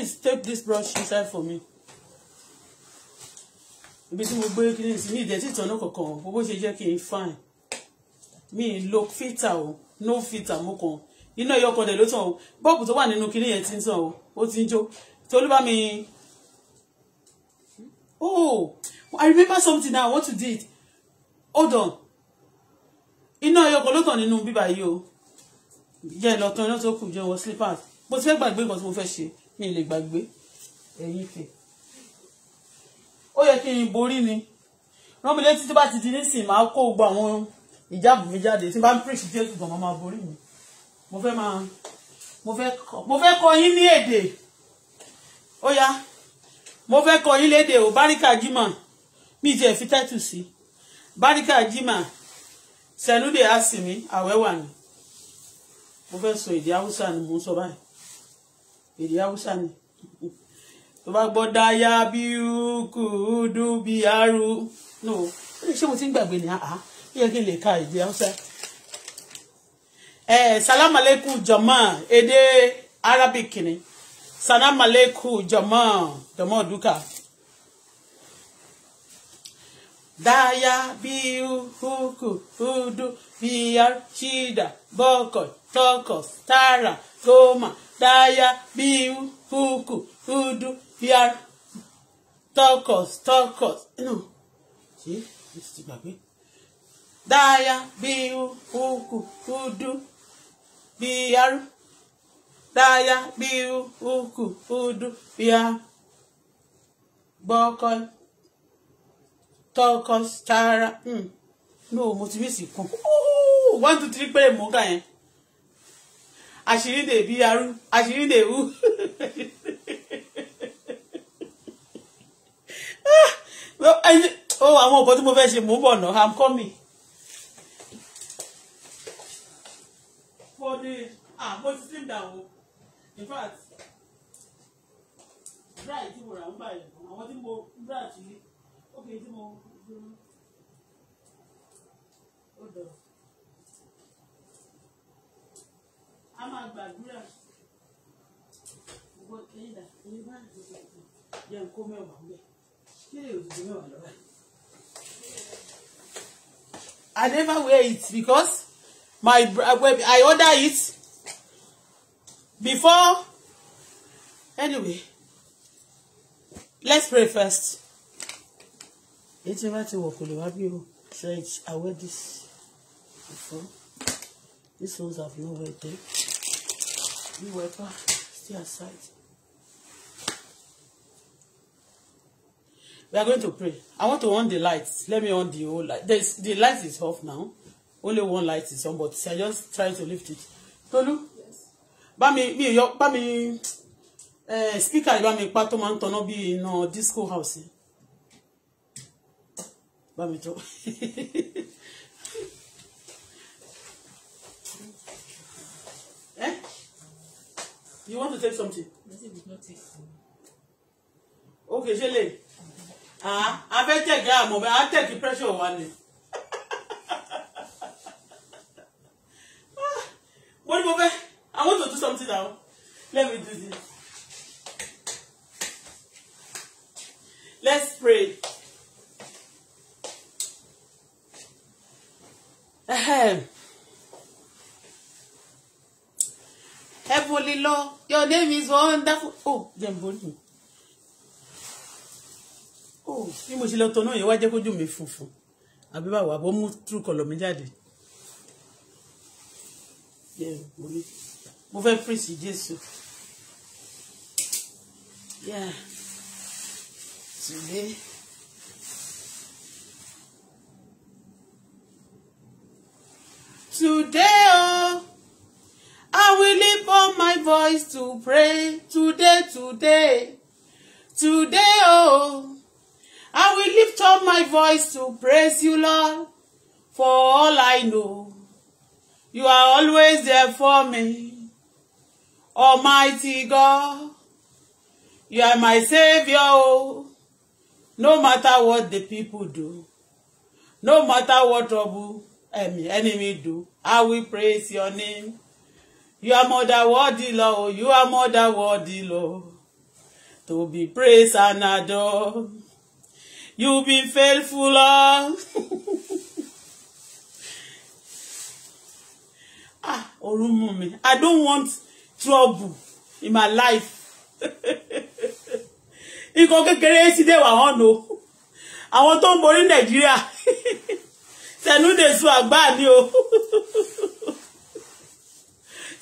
Please take this brush inside for me. Ibi tí mo gbé kíní sí ní ìdẹ̀tí ìtọ́nà kankan, owó ṣe jẹ́ kí n fine. Mi ì lo filter o, no filter mo kàn. Iná ẹyọ kan dẹ̀ ló tàn o. Bọ́ọ̀bù tó wà nínú kíní yẹn ti ń tàn o, ó ti ń jó. Tolúbá mi. Oh, I remember something now, I want to do it. Hold on. Iná ẹyọ kan ló tàn nínú bíbá yìí o. Jẹ́ ìlọ̀tàn iná tó kù jẹun wọ slippers. Mo ti fẹ́ gbàgbé nǹkan tí mo fẹ́ ṣe mi lè gbàgbé ẹ̀yìn ìfẹ́ ó yẹ kí n borí ni rán mi létí tí bá ti di nísìn máa kó gbogbo àwọn ìjáàbù mi jáde tí bá ń pèsè jésù gan máa borí mi mo fẹ́ máa mo fẹ́ kọ́ yín ní èdè ó yá mo fẹ́ kọ́ yín lédè ò báríkà jimá mi ti ẹ̀ fi tẹ́tù sí báríkà jimá sẹ́lúdè á sì mí àwẹ́ wà ní mo fẹ́ sọ èdè haúsá ni mo ń sọ báyìí èdè haúsá ni tó bá gbọ́ dáyà bí kú dú bí arú no ó lè ṣé mo ti ń gbàgbé ni àá ó yẹ kí n lè ka èdè haúsá. salam aleikum jọmọ èdè arabic ni salam aleikum jọmọ jọmọ dúkà. dáyà bí kú dú bí arú ṣídà bọ́kọ̀ tọkọ̀ tààrà goma daya biu fuku udu yar tokos tokos no see this ti gbàgbé eh? daya biu fuku udu yar daya biu fuku udu yar bọkọ tokos tara mm. no mo ti mí sí kan one two three péré mo ń kà yẹn àṣírí dè bí arú àṣírí dè wú. Ah, ó àwọn nǹkan tí mo fẹ́ ṣe mò ń bọ̀ náà i'm coming. for the ah mo ti slim down in fact dry tí mo rà ń báyìí àwọn tí mo dry tí ó kì a máa gbàdúrà gbogbo kẹ́yìn dà ẹni bá jẹ́ nǹkó mẹ́wàá bẹ́ẹ̀ kí lè òdìdí mẹ́wàá lọ́wọ́. I never wear it because my I order it before anyway let's pray first. ètò ìwà ti wọ̀ kò lè wá bí o so I wear this before This ones have no wear them the wiper Stay aside. We are going to pray. I want to on the lights. Let me on the whole light. There's, the light is off now. Only one light is on, but I just try to lift it. Tolu? Yes. Bami mi, mi, yo, bá mi, eh, speaker, bá mi, pa tó máa ń tọ́nà bí iná disco house. Bami. mi You want to take something? Okay, ṣẹlẹ̀. Ah, I a take, tẹ̀gẹ́ àmọ́ bẹ́ẹ̀ take the pressure one. ni. Wọ́n ní I want to do something now. Let me do this. Let's pray. Ahem. heavenly Lord your name is wonderful oh dem n borí oh bí mo ṣe lọ tọ́ náà yẹn wá jẹ́ kójú mi funfun àbí báwo àbọ̀ mú true colour mi jáde mo fẹ́ praise Jésù yeah today. Today, oh. I will lift up my voice to pray today, today, today, oh. I will lift up my voice to praise you, Lord, for all I know. You are always there for me, Almighty God. You are my Savior, oh. No matter what the people do, no matter what trouble enemy do, I will praise your name. You are more than worthy, Lord. You are more than worthy, Lord, to be praised and adored. You've been faithful, Lord. ah, Orumumi, I don't want trouble in my life. Nǹkan kékeré ti dé wà hàn o. Àwọn tó ń borí Nàìjíríà. Tẹnudẹ̀sù àgbà ni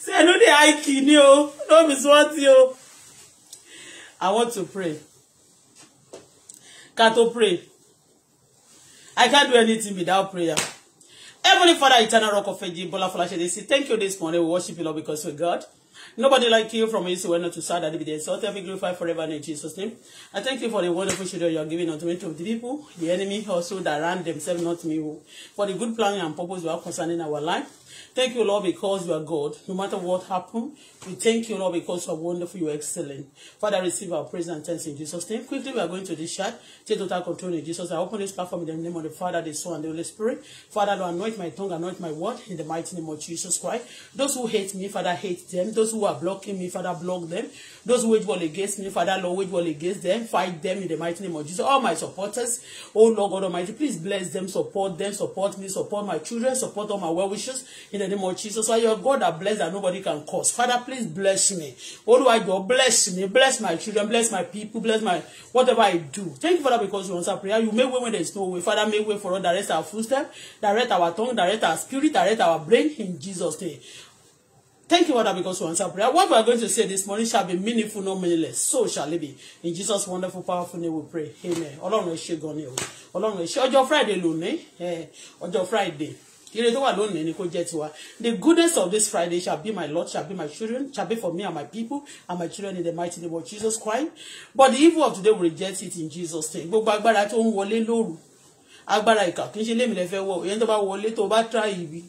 sẹ́nu ní I ni o no be swanty o I want to pray ká pray I can't do anything without prayer. Heavenly Father, eternal rock of ages, Bola Folashede, say thank you this morning. We worship you, Lord, because you're God. Nobody like you from east to west, not to south, that be there. So, I'll be glorified forever in Jesus' name. I thank you for the wonderful children you are giving unto me, to the people, the enemy also that ran themselves, not me, for the good plan and purpose you have concerning our life. Thank you, Lord, because you are God. No matter what happened, we thank you, Lord, because you are wonderful, you are excellent. Father, receive our praise and thanks in Jesus' name. Quickly, we are going to this chat. Take total control in Jesus. I open this platform in the name of the Father, the Son, and the Holy Spirit. Father, Lord, anoint my tongue, anoint my word in the mighty name of Jesus Christ. Those who hate me, Father, hate them. Those who are blocking me, Father, block them. Those who wage war against me, Father, Lord, wage war against them. Fight them in the mighty name of Jesus. All my supporters, oh Lord God Almighty, please bless them, support them, support me, support my children, support all my well wishers in the the name of Jesus. Why your God that bless that nobody can cause. Father, please bless me. What do I do? bless me, bless my children, bless my people, bless my whatever I do. Thank you, Father, because you answer prayer. You make way when there is no way. Father, make way for us. Direct our footsteps, direct our tongue, direct our spirit, direct our brain in Jesus' name. Thank you, Father, because you answer prayer. What we are going to say this morning shall be meaningful, not meaningless. So shall it be. In Jesus' wonderful, powerful name we pray. Amen. Ọlọ́run she ṣé gan ni she Ọlọ́run ẹ ṣé. Ọjọ́ Friday lónìí. Ọjọ́ Friday ire tó wà lónìí ni kó jẹ́ tiwa the goodness of this Friday shall be my Lord shall be my children shall be for me and my people and my children in the mighty name of Jesus Christ but the evil of today will reject it in Jesus name gbogbo agbára tó ń wọlé lóru agbára ìkà kì í ṣe lémi lẹ́fẹ́ wọ ìyẹn tó bá wọlé tó bá try ibi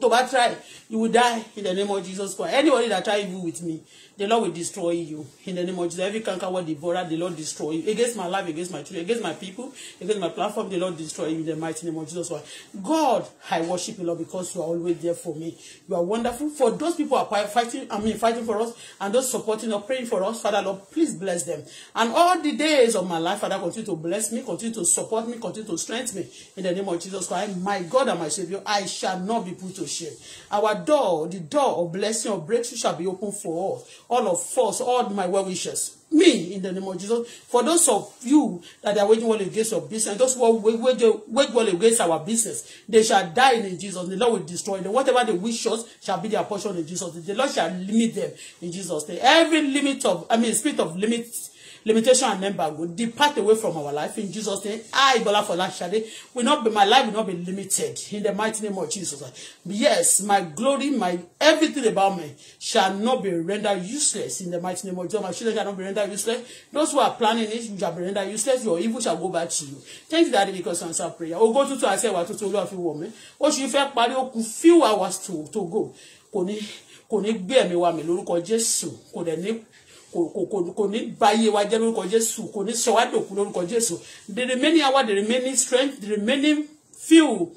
tó bá try you will die in the name of Jesus Christ anybody that try evil with me the Lord will destroy you in the name of Jesus. Every cankerworm devourer, the Lord destroy you. Against my life, against my children, against my people, against my platform, the Lord destroy you in the mighty name of Jesus. Christ. God, I worship you, Lord, because you are always there for me. You are wonderful. For those people are fighting, I mean, fighting for us, and those supporting or praying for us, Father Lord, please bless them. And all the days of my life, Father, continue to bless me, continue to support me, continue to strengthen me in the name of Jesus Christ. My God and my Savior, I shall not be put to shame. Our door, the door of blessing or breakthrough shall be open for us all of us, all my well wishes. Me, in the name of Jesus. For those of you that are waging war against your business, those who wage, wage war against our business, they shall die in Jesus. The Lord will destroy them. Whatever they wish us shall be their portion in Jesus. The Lord shall limit them in Jesus' name. Every limit of, I mean, spirit of limits limitation and embargo depart away from our life in Jesus' name. I, Bola Folashade, will not be my life will not be limited in the mighty name of Jesus. Yes, my glory, my everything about me shall not be rendered useless in the mighty name of Jesus. My children shall not be rendered useless. Those who are planning it, shall be rendered useless. Your evil shall go back to you. Thank you, Daddy, because of answer prayer. Oh, go to Ògo tuntun àti ẹwà to Olúwa fi wọ̀ mí. Oṣù you parí ó kù few hours to to go. Kò ní kò ní gbé ẹ̀mí wa mì lórúkọ Jésù. Kò dẹ̀ ní kò ní báyé wa jẹ́ lórúkọ jésù kò ní sọ wá dòkú lórúkọ jésù the remaining hour the remaining strength the remaining few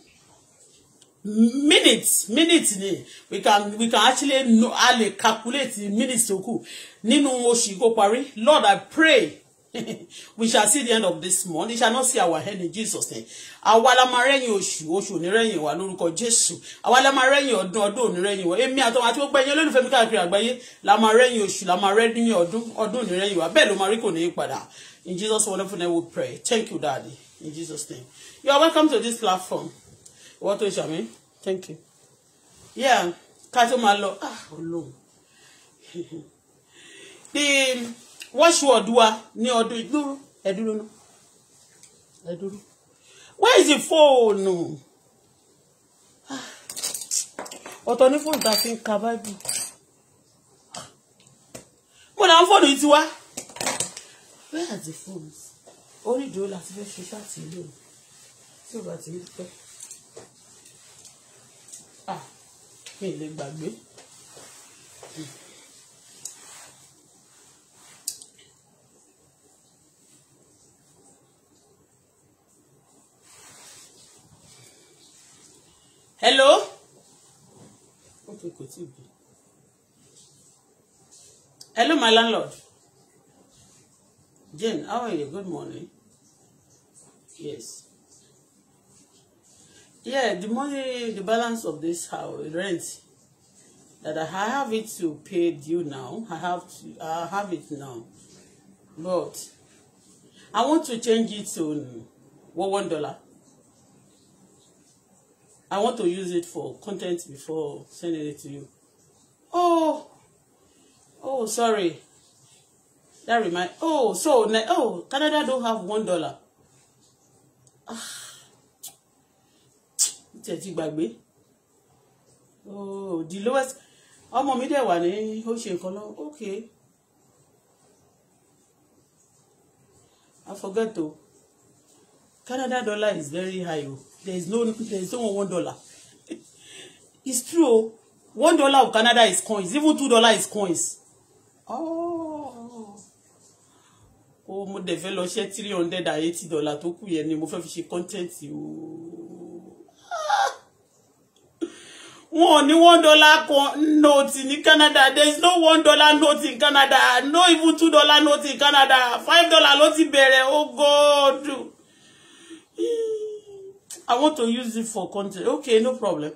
minutes minutes ni we can we can actually know a lè calculate minutes to kù nínú oṣù kó parí lord i pray we shall see the end of this month we shall not see our head in Jesus name àwa la máa rẹ́yìn oṣù oṣù onírẹ́yìn wa lórúkọ Jésù àwa la máa rẹ́yìn ọdún ọdún onírẹ́yìn wa èmi àtọwọn àti gbogbo ẹ̀yin olólùfẹ́ mi káàkiri àgbáyé la máa rẹ́yìn oṣù la máa rẹ́yìn ọdún ọdún onírẹ́yìn wa bẹ́ẹ̀ ló máa rí kò ní padà in Jesus wonderful name we pray thank you daddy in Jesus name you are welcome to this platform ìwọ tó ṣàmì thank you yeah ká tó máa lọ ah olóhùn the watchword wa ní ọdún ìdúró ẹ̀dúró náà ẹ̀dúró where is the phone? ọ̀tọ̀ ní fóònù tá a fi ń ka báìbù mo náà fóònù yìí ti wá where are the phones? orí ìdúró la ti fẹ́ ṣe ṣáàtì ilé o tí o bá ti ń pẹ́ ah mi ì lè gbàgbé. Mm. hello. hello my landlord Jane how are you good morning yes yeah the money the balance of this house rent that I have it to pay due now I have to I have it now but I want to change it to one dollar I want to use it for content before sending it to you. Oh, oh, sorry. That remind. Oh, so oh, Canada don't have one dollar. Ah, tẹ̀tí gbàgbé. Oh, the lowest. Ọmọ mi dẹ̀ one. ní ó ṣe Okay. I forget to. Canada dollar is very high o there is no there is no one dollar it's true one dollar of Canada is coins even two dollar is coins oh oh mo dẹ̀ fẹ́ lọ ṣe three hundred and eighty dollar tó kù yẹn ni mo fẹ́ fi ṣe content o ah. wọn ò one dollar note ní Canada there is no one dollar note in Canada no even two dollar note in Canada five dollar ló ti bẹ̀rẹ̀ oh God. I want to use it for content. Okay, no problem.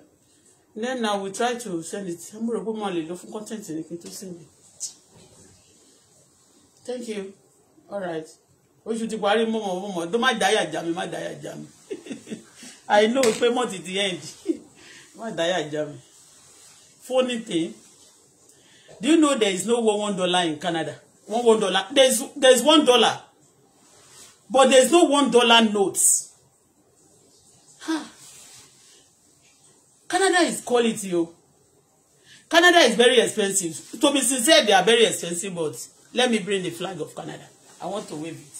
Then now we try to send it. I'm rò pé mo lè content ní kí n send it. Thank you. All right. We should be worried more, more, more. Don't já mi, má dáyà já mi. I know pay more ti the end. Má dáyà já Funny thing. Do you know there is no one one dollar in Canada? One one dollar. There's there's one dollar. But there's no one dollar notes. Canada is quality oh. Canada is very expensive to be sincere they are very expensive but let me bring the flag of Canada I want to wave it.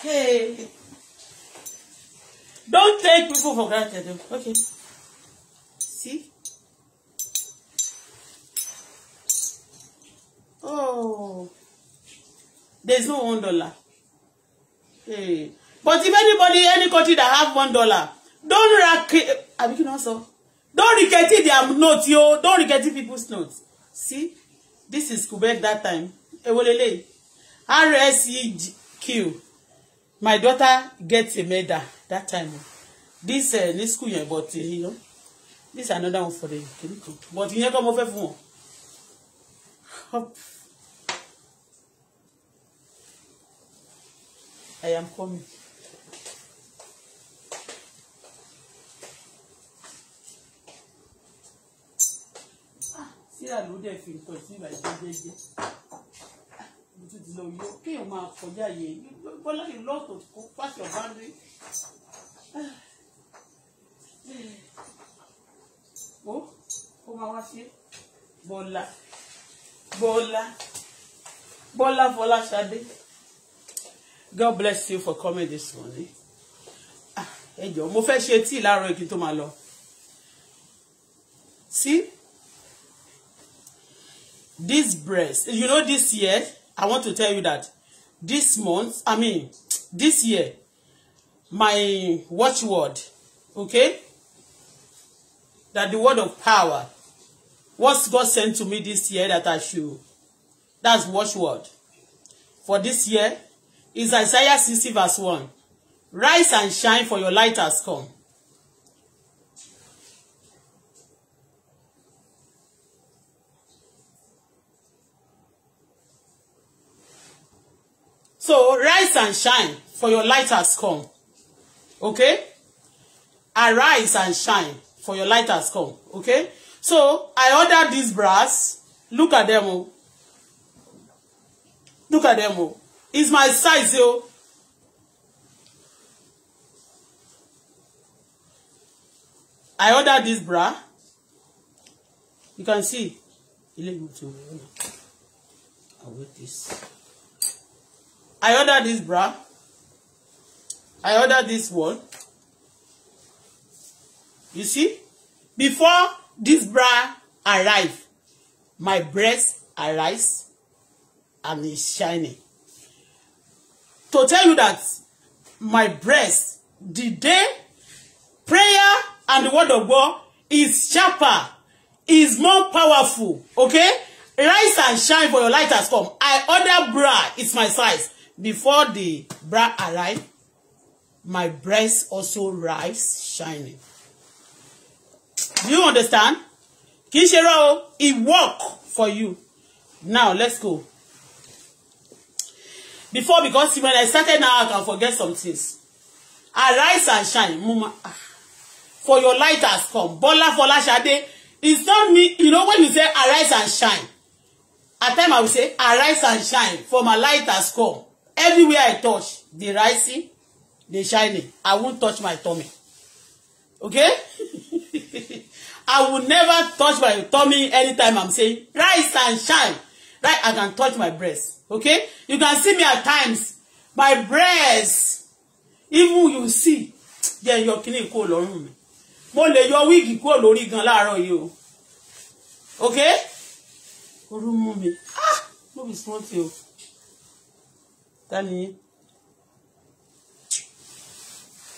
Hey. Don't take people for granted. Oh. Okay. See? There's no one dollar. Hey. But if anybody, any country that have one dollar, don't rack, I mean, also, don't reject their notes, yo. Don't reject people's notes. See, this is Quebec that time. Ewolele, RSEQ. My daughter gets a medal that time. This uh, eh, this school year, but uh, you know, this another one for the clinical. But you kọ́ mo fẹ́ fún wọn. I am coming. Ah, síra ló dẹ̀ fi nǹkan sí ìgbà ìjọ jẹ́jẹ́ mo you, ti lọ yọ kéèyàn máa you, yẹ bọ́lá yìí lọ́tọ̀ kó pàṣẹ ọ̀bá rí ah. ó ó máa wá sí bọ́lá bọ́lá bọ́lá bọ́lá ṣadé. God bless you for coming this morning. Ah, ẹ jọ̀ọ́, mo fe ṣe tíì láàárọ̀ kí n tó máa See? This breast, you know this year, I want to tell you that this month, I mean, this year, my watchword, okay? That the word of power, what God sent to me this year that I should, that's watchword. For this year, is Isaiah 60 verse 1. Rise and shine for your light has come. So rise and shine for your light has come. Okay? Arise and shine for your light has come. Okay? So I ordered these brass. Look at them. Oh. Look at them. Oh is my size o. I ordered this bra. You can see. I ordered this. I ordered this bra. I ordered this one. You see? Before this bra arrive, my breast arise and is shining to tell you that my breast, the day, prayer, and the word of God is sharper, is more powerful, okay? Rise and shine for your light has come. I order bra, it's my size. Before the bra arrive, my breast also rise shining. Do you understand? Kì í it work for you. Now let's go before because when I started now I can forget some things arise and shine Mama. Ah. for your light has come Bola Folashade it's not me you know when you say arise and shine at time I will say arise and shine for my light has come everywhere I touch the rising the shining I won't touch my tummy okay I will never touch my tummy anytime I'm saying rise and shine right I can touch my breast okay you can see me at times my breast even you see yẹ your kidney cold, lọ́rùn mi mo your yọ wíìgì kúrò lórí gan láàárọ̀ you. okay oru mú mi ah no be small thing o tani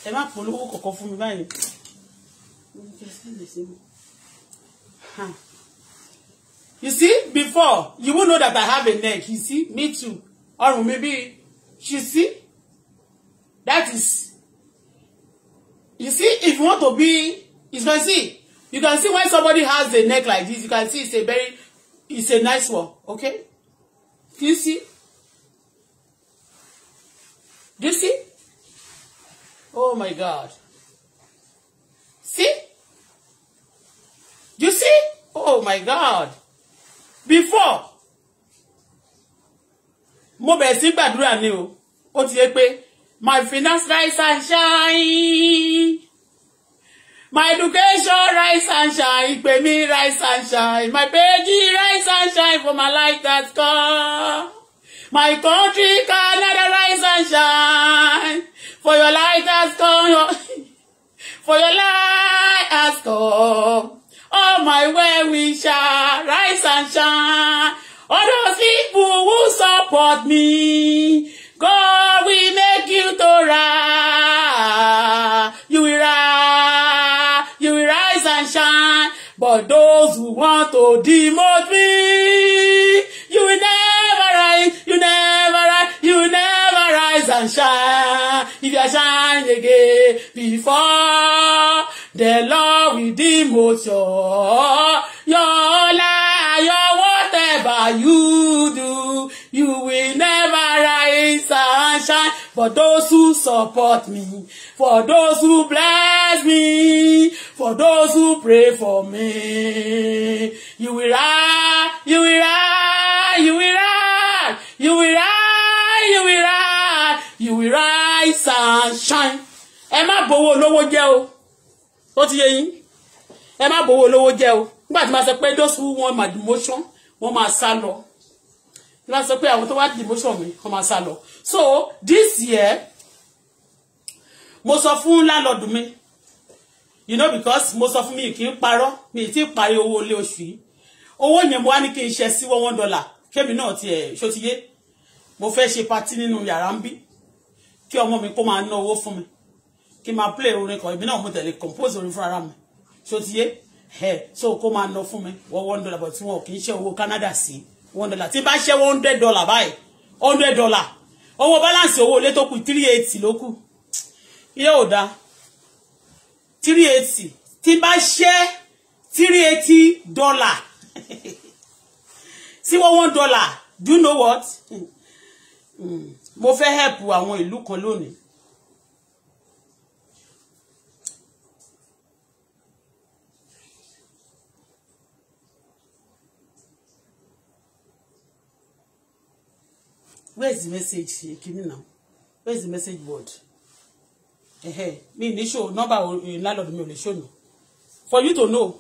ẹ má polówó kọ̀ọ̀kan fún mi báyìí. You see, before, you will know that I have a neck. You see, me too. Or maybe, you see, that is, you see, if you want to be, you can see, you can see when somebody has a neck like this, you can see it's a very, it's a nice one, okay? Do you see? Do you see? Oh my God. See? You see? Oh my God before mo bẹ̀rẹ̀ sí gbàdúrà ni o ó ti yé pé my finance rise and shine my education rise and shine ìpè mi rise and shine my baby rise and shine for my life that's come my country Canada rise and shine for your life that's come for your life has come all my way we shall rise and shine all those people who support me God will make you to rise you will rise you will rise and shine but those who want to demote me you will never rise you never rise you will never rise and shine if you shine again before. The Lord will demote your, your life, your whatever you do. You will never rise and shine for those who support me, for those who bless me, for those who pray for me. You will rise, you will rise, you will rise, you will rise, you will rise, you will rise and shine. Ẹ má bọ̀wọ̀ olówó jẹ́ o ó ti yé yín ẹ má bòwó olówó jẹ́ o nígbà tí ma sọ pé those who want my demotion wọ́n máa sá lọ tí ma sọ pé àwọn tó wá demotion mi wọ́n máa sá lọ so this year mo sọ fún lálọ́dún mi you know because mo sọ fún mi kì í parọ́ mi ti parí owó ilé oṣù yìí owó yẹn mo wá ní kí n ṣe sí one dollar kémi náà tiẹ̀ ṣó ti yé mo fẹ́ ṣe patí nínú yàrá ń bí kí ọmọ mi kó máa ná owó fún mi kí n máa play orin kan èmi náà mo tẹ̀lé compose orin fúnra mi ṣó ti yé ẹ so kó máa ná fún mi wọ́n one dollar but tí wọn kì í ṣe owó Canada sí one dollar tí bá ṣe one hundred dollar báyìí one hundred dollar owó balance owó ilé tó kù three eighty ló kù ilé ò da three eighty tí bá ṣe three eighty dollar sí one one dollar do you know what hmm. Hmm. mo fẹ́ help àwọn ìlú kan lónìí where is the message here, eh, kini now where is the message board me ní show number eh, landlord mi ò show you for you to know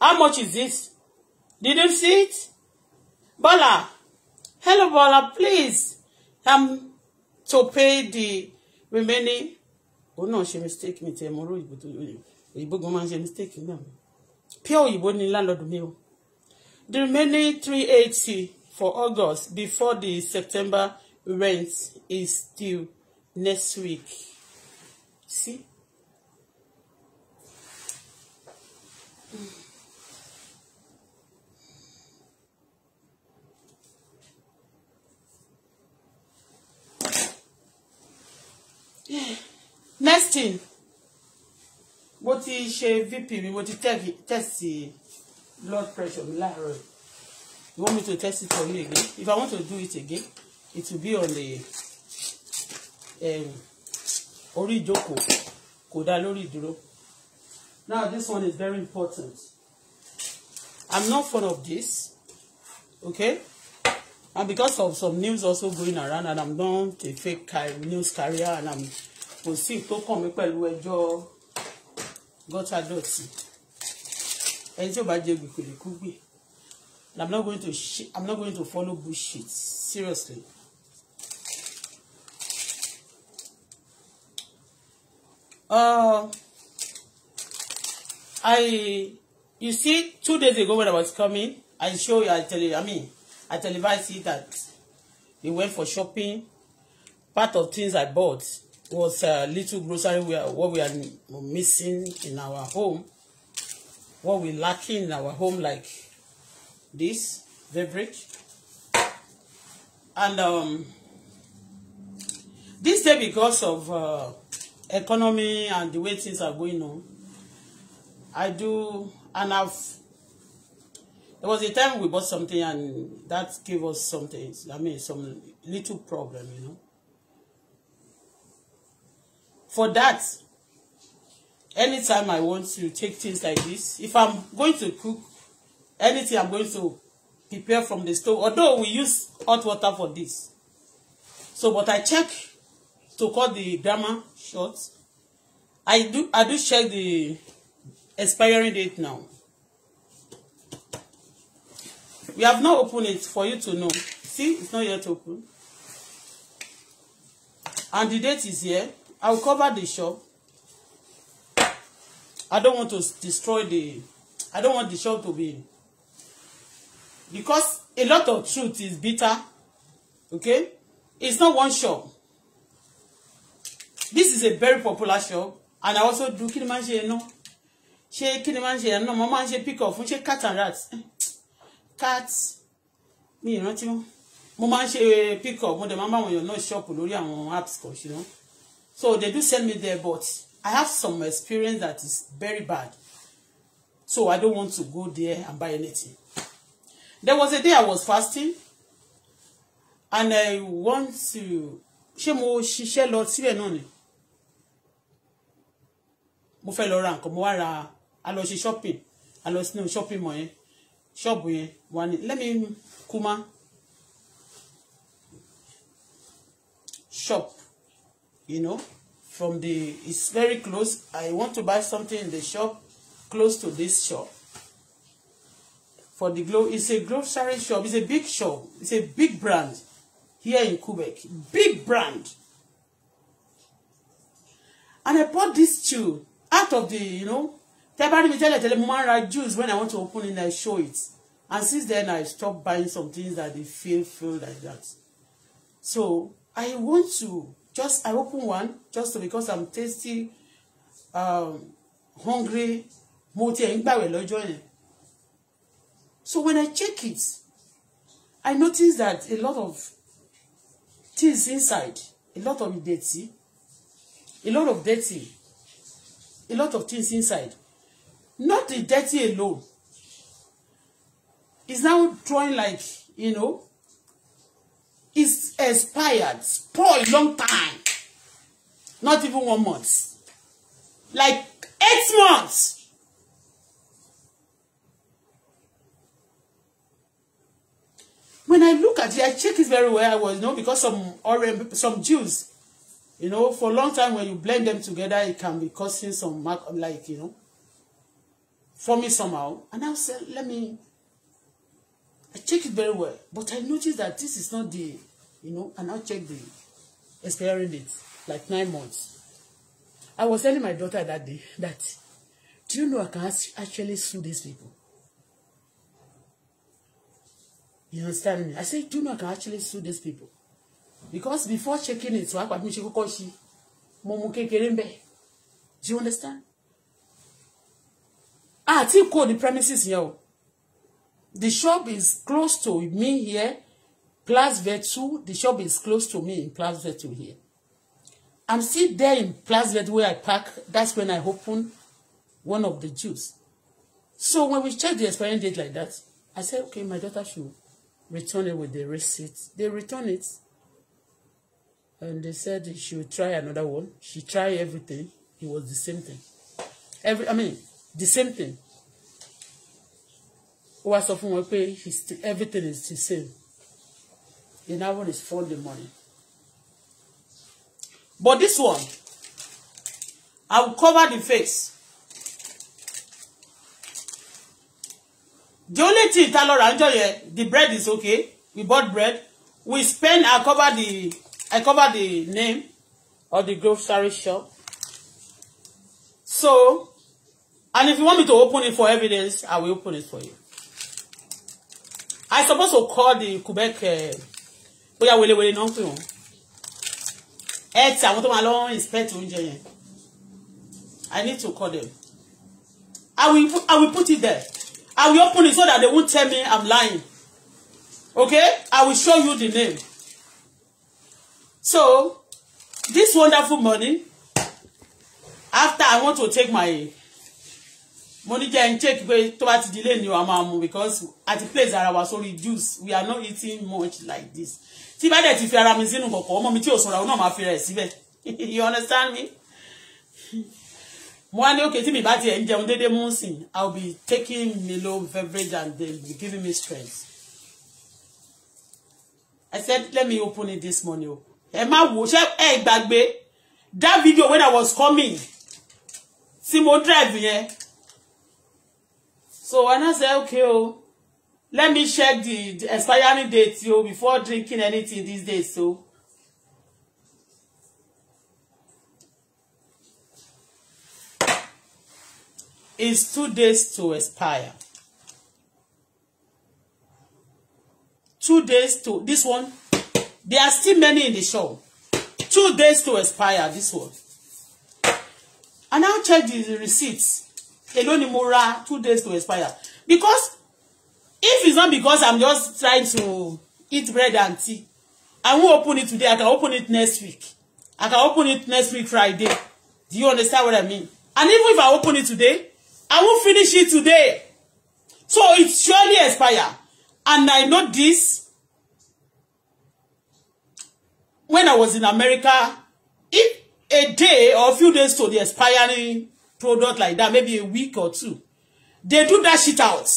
how much is this did you see it Bola hello Bola please um to pay the remaining Oh no, she mistake me. tiẹ̀ mọ́ ọ́rọ́ òyìnbó tó òyìnbó gan máa ń ṣe mistake náà pure òyìnbó ni landlord mi the remaining three eighty for August before the September rent is due next week. See? next thing mo ti ṣe vp mi mo ti test blood pressure mi láàárọ̀ yìí you want me to test it for you again if i want to do it again it will be on the um, orí ìjókòó kò dá lórí now this one is very important i'm not fond of this okay and because of some news also going around and i'm not a fake news carrier and i'm kò sí tó kàn mí pẹ̀lú ẹjọ́ gọ́tà dọ̀tí ẹni tí ò bá jẹ gbèkèlè kú gbè And I'm not going to I'm not going to follow bullshit. Seriously. Uh, I you see two days ago when I was coming, I show you I tell you I mean I tell you. I see that we went for shopping. Part of things I bought was a little grocery we are, what we are missing in our home, what we lacking in our home like this beverage and um, this day because of uh, economy and the way things are going on I do and I've there was a time we bought something and that gave us something I mean some little problem you know for that anytime I want to take things like this if I'm going to cook anything I'm going to prepare from the stove although we use hot water for this so but I check to cut the drama short I do I do check the expiring date now we have not opened it for you to know see it's not yet open and the date is here I'll cover the shop I don't want to destroy the I don't want the shop to be because a lot of truth is bitter okay it's not one shop this is a very popular shop and I also do kí ni máa ń ṣe iná ṣé kí ni máa mo máa ń pick up fún ṣé cat and rat cat mi ìrántí wọn mo máa ń pick up mo dẹ̀ máa ń bá àwọn èèyàn náà ṣọ́ọ̀pù lórí àwọn apps kan ṣùgbọ́n so they do send me there but I have some experience that is very bad so I don't want to go there and buy anything there was a day I was fasting and I want to ṣé mo ṣiṣẹ́ lọ síbẹ̀ náà ni mo fẹ́ lọ ra nǹkan mo wá ra a lọ ṣe shopping a lọ sínú shopping mọ̀ yẹn ṣọ́ọ̀bù yẹn wà ní lẹ́mi kuma shop you know from the it's very close I want to buy something in the shop close to this shop for the glow. It's a grocery shop. It's a big shop. It's a big brand here in Quebec. Big brand. And I bought this too out of the, you know, Tebari me tell tell mom write juice when I want to open it, I show it. And since then, I stopped buying some things that they feel feel like that. So I want to just I open one just because I'm tasty, um, hungry, multi. ti ẹ̀ ń gbàwẹ̀ lọ́jọ́ So when I check it, I notice that a lot of things inside, a lot of dirty, a lot of dirty, a lot of things inside. Not the dirty alone. It's now drawing like, you know, it's expired, spoiled long time. Not even one month. Like eight months. When I look at it, I check it very well. I was, you know, because some orange, some Jews, you know, for a long time when you blend them together, it can be causing some mark, like, you know, for me somehow. And I said, let me, I check it very well. But I noticed that this is not the, you know, and I check the expiring date, like nine months. I was telling my daughter that day that, do you know I can actually sue these people? You understand me? I say, Juno I can actually sue these people. Because before checking it, wàá pàdé mi ṣe kókó ṣe mo mu Do you understand? Àti ah, call the premises here. Oh. The shop is close to me here, Plaza 2. The shop is close to me in Plaza 2 here. I'm still there in Plaza where I park. That's when I open one of the juice. So when we check the expiring date like that, I said, okay, my daughter should return it with the receipt. They return it. And they said she would try another one. She tried everything. It was the same thing. Every, I mean, the same thing. What's often we pay? everything is the same. The now one is for the money. But this one, I will cover the face. the only thing ta lọ rà the bread is okay we bought bread we spend I cover the I cover the name of the grocery shop so and if you want me to open it for evidence I will open it for you I suppose to call the Quebec eh, bóyá welewele wele pè wọ́n ẹ ti àwọn tó máa lọ I need to call them I will I will put it there. I will open it so that they won't tell me I'm lying. Okay? I will show you the name. So, this wonderful morning, after I want to take my money jẹ́ ń check towards tó bá amount because at the place ara wa sórí reduced, we are not eating much like this. See by that if you are mi sínú kọ̀kọ̀ ọmọ mi tí ò sọ̀rọ̀ òun náà máa fi rẹ̀ You understand me? mo wá ní òkè tí mi bá tiẹ̀ ń jẹun déédéé mú sìn i will be taking milo beverage and then be giving me strength i said let me open it this morning o ẹ má wò ṣé ẹ gbàgbé that video when i was coming tí mo drive yẹn so i now say okay o. Oh, let me check the, the expiring date yo before drinking anything these days so is two days to expire. Two days to this one. There are still many in the show. Two days to expire this one. And now check the receipts. Èló ni two days to expire. Because if it's not because I'm just trying to eat bread and tea, I won't open it today. I can open it next week. I can open it next week Friday. Do you understand what I mean? And even if I open it today, I won't finish it today. So it surely expire. And I know this. When I was in America, if a day or a few days to the expiring product like that, maybe a week or two, they do that shit out.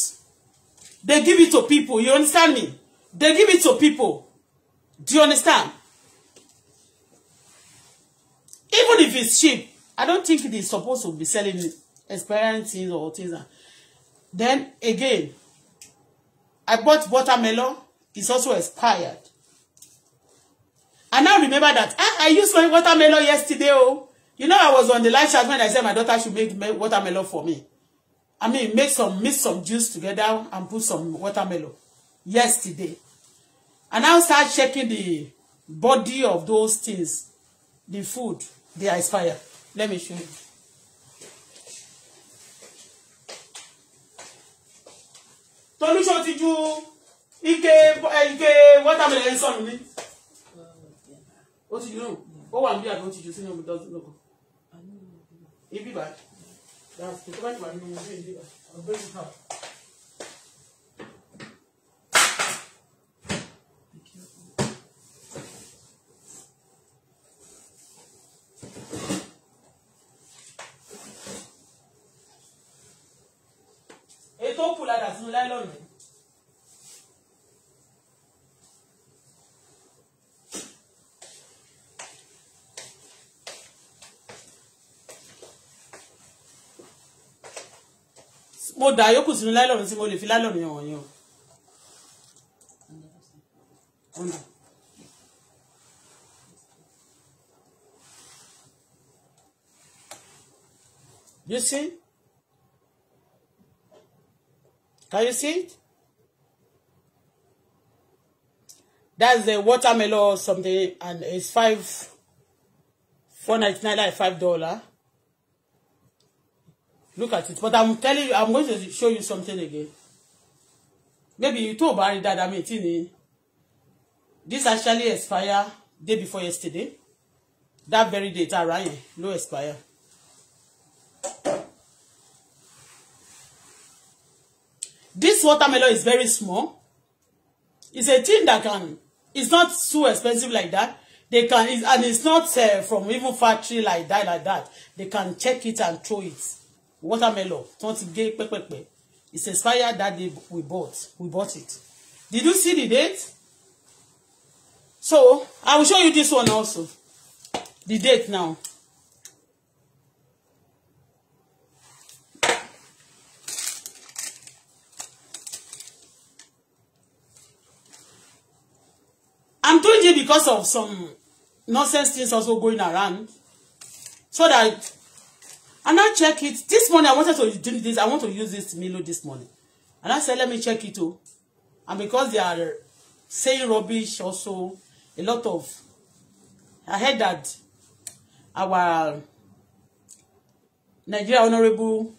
They give it to people. You understand me? They give it to people. Do you understand? Even if it's cheap, I don't think it is supposed to be selling it experience things or things. Like. Then again, I bought watermelon. It's also expired. And now remember that ah, I used my watermelon yesterday. Oh, you know I was on the live chat when I said my daughter should make watermelon for me. I mean, make some mix some juice together and put some watermelon yesterday. And I'll start checking the body of those things, the food, they expire. Let me show you. tolúṣọ ti ju ike eh, ike watermelon ẹ̀ sọ̀nù mi ó ti ju náà ó wà níbi àbí ó ti ju sínú omi dọ́sùn lọ́kọ̀ ibi bá yàtọ̀ tó bá ti wà nínú omi ibi bá. mo dà yókù sínú láìlọ́nù tí mo lè fi láìlọ́nù yẹn wọ̀nyí o. You see? Can you see it? That's the watermelon or something, and it's five, four ninety nine, like five dollar look at it but i'm telling you i'm going to show you something again maybe you o bá that I'm mi this actually expired day before yesterday that very day tá a ra expire. this watermelon is very small it's a thing that can it's not so expensive like that they can and it's not uh, from even factory like that like that they can check it and throw it watermelon tó ti gé pẹ́pẹ́pẹ́ it's expired that day we bought we bought it did you see the date so i will show you this one also the date now I'm doing it because of some nonsense things also going around so that And I check it. This morning I wanted to do this. I want to use this Milo this morning. And I said, let me check it too. Oh. And because they are saying rubbish also, a lot of... I heard that our Nigeria Honorable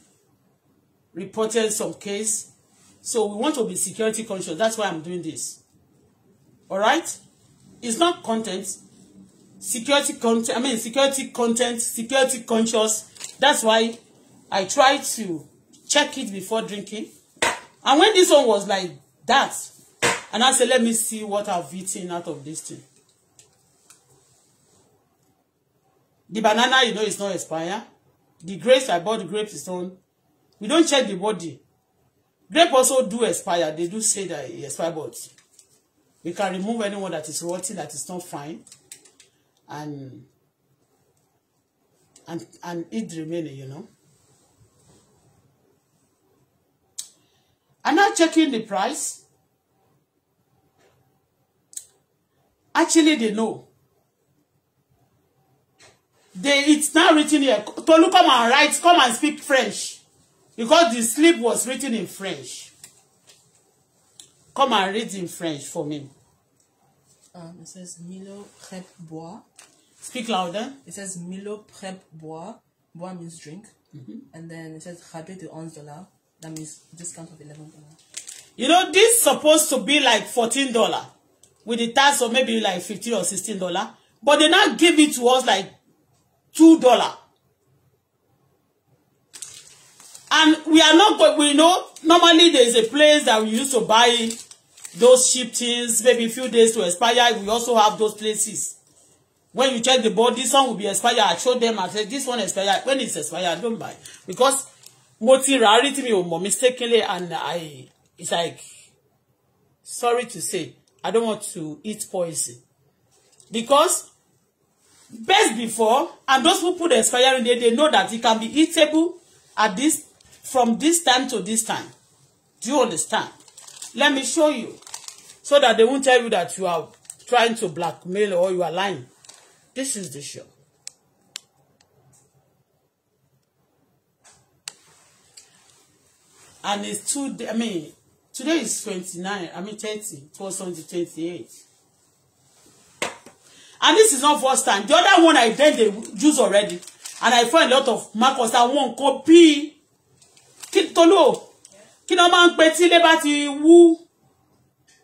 reported some case. So we want to be security conscious. That's why I'm doing this. All right? It's not content. Security content. I mean, security content, security conscious That's why I try to check it before drinking. And when this one was like that, and I said, let me see what I've eaten out of this thing. The banana, you know, is not expired. The grapes, I bought the grapes is on. We don't check the body. Grape also do expire. They do say that it expire, but we can remove anyone that is rotten, that is not fine. And and and it remaining, you know. I'm not checking the price. Actually, they know. They, it's now written here. Tolu, come and write, come and speak French. Because the slip was written in French. Come and read in French for me. Um, it says Milo Crêpe Speak louder. It says Milo Prep Bois. Bois means drink. Mm-hmm. And then it says Rabé de $11. That means discount of $11. You know, this supposed to be like $14 with the tax of maybe like $15 or $16. But they now give it to us like $2. And we are not going, we know, normally there is a place that we used to buy those cheap things, maybe a few days to expire. We also have those places. When you check the board, this one will be expired. I show them, and say, this one expired. When it's expired, don't buy. Because mo ti rà á mi ò mọ̀ mistakenly and I, it's like, sorry to say, I don't want to eat poison. Because best before, and those who put the expiring there they know that it can be eatable at this, from this time to this time. Do you understand? Let me show you. So that they won't tell you that you are trying to blackmail or you are lying. This is the show. And it's two, I mean, today is 29, I mean 30, it was on the 28 And this is not first time. The other one I did the Jews already. And I find a lot of Marcus that won't copy. Kí tolo. Kí ló máa ń pè tí ilé bá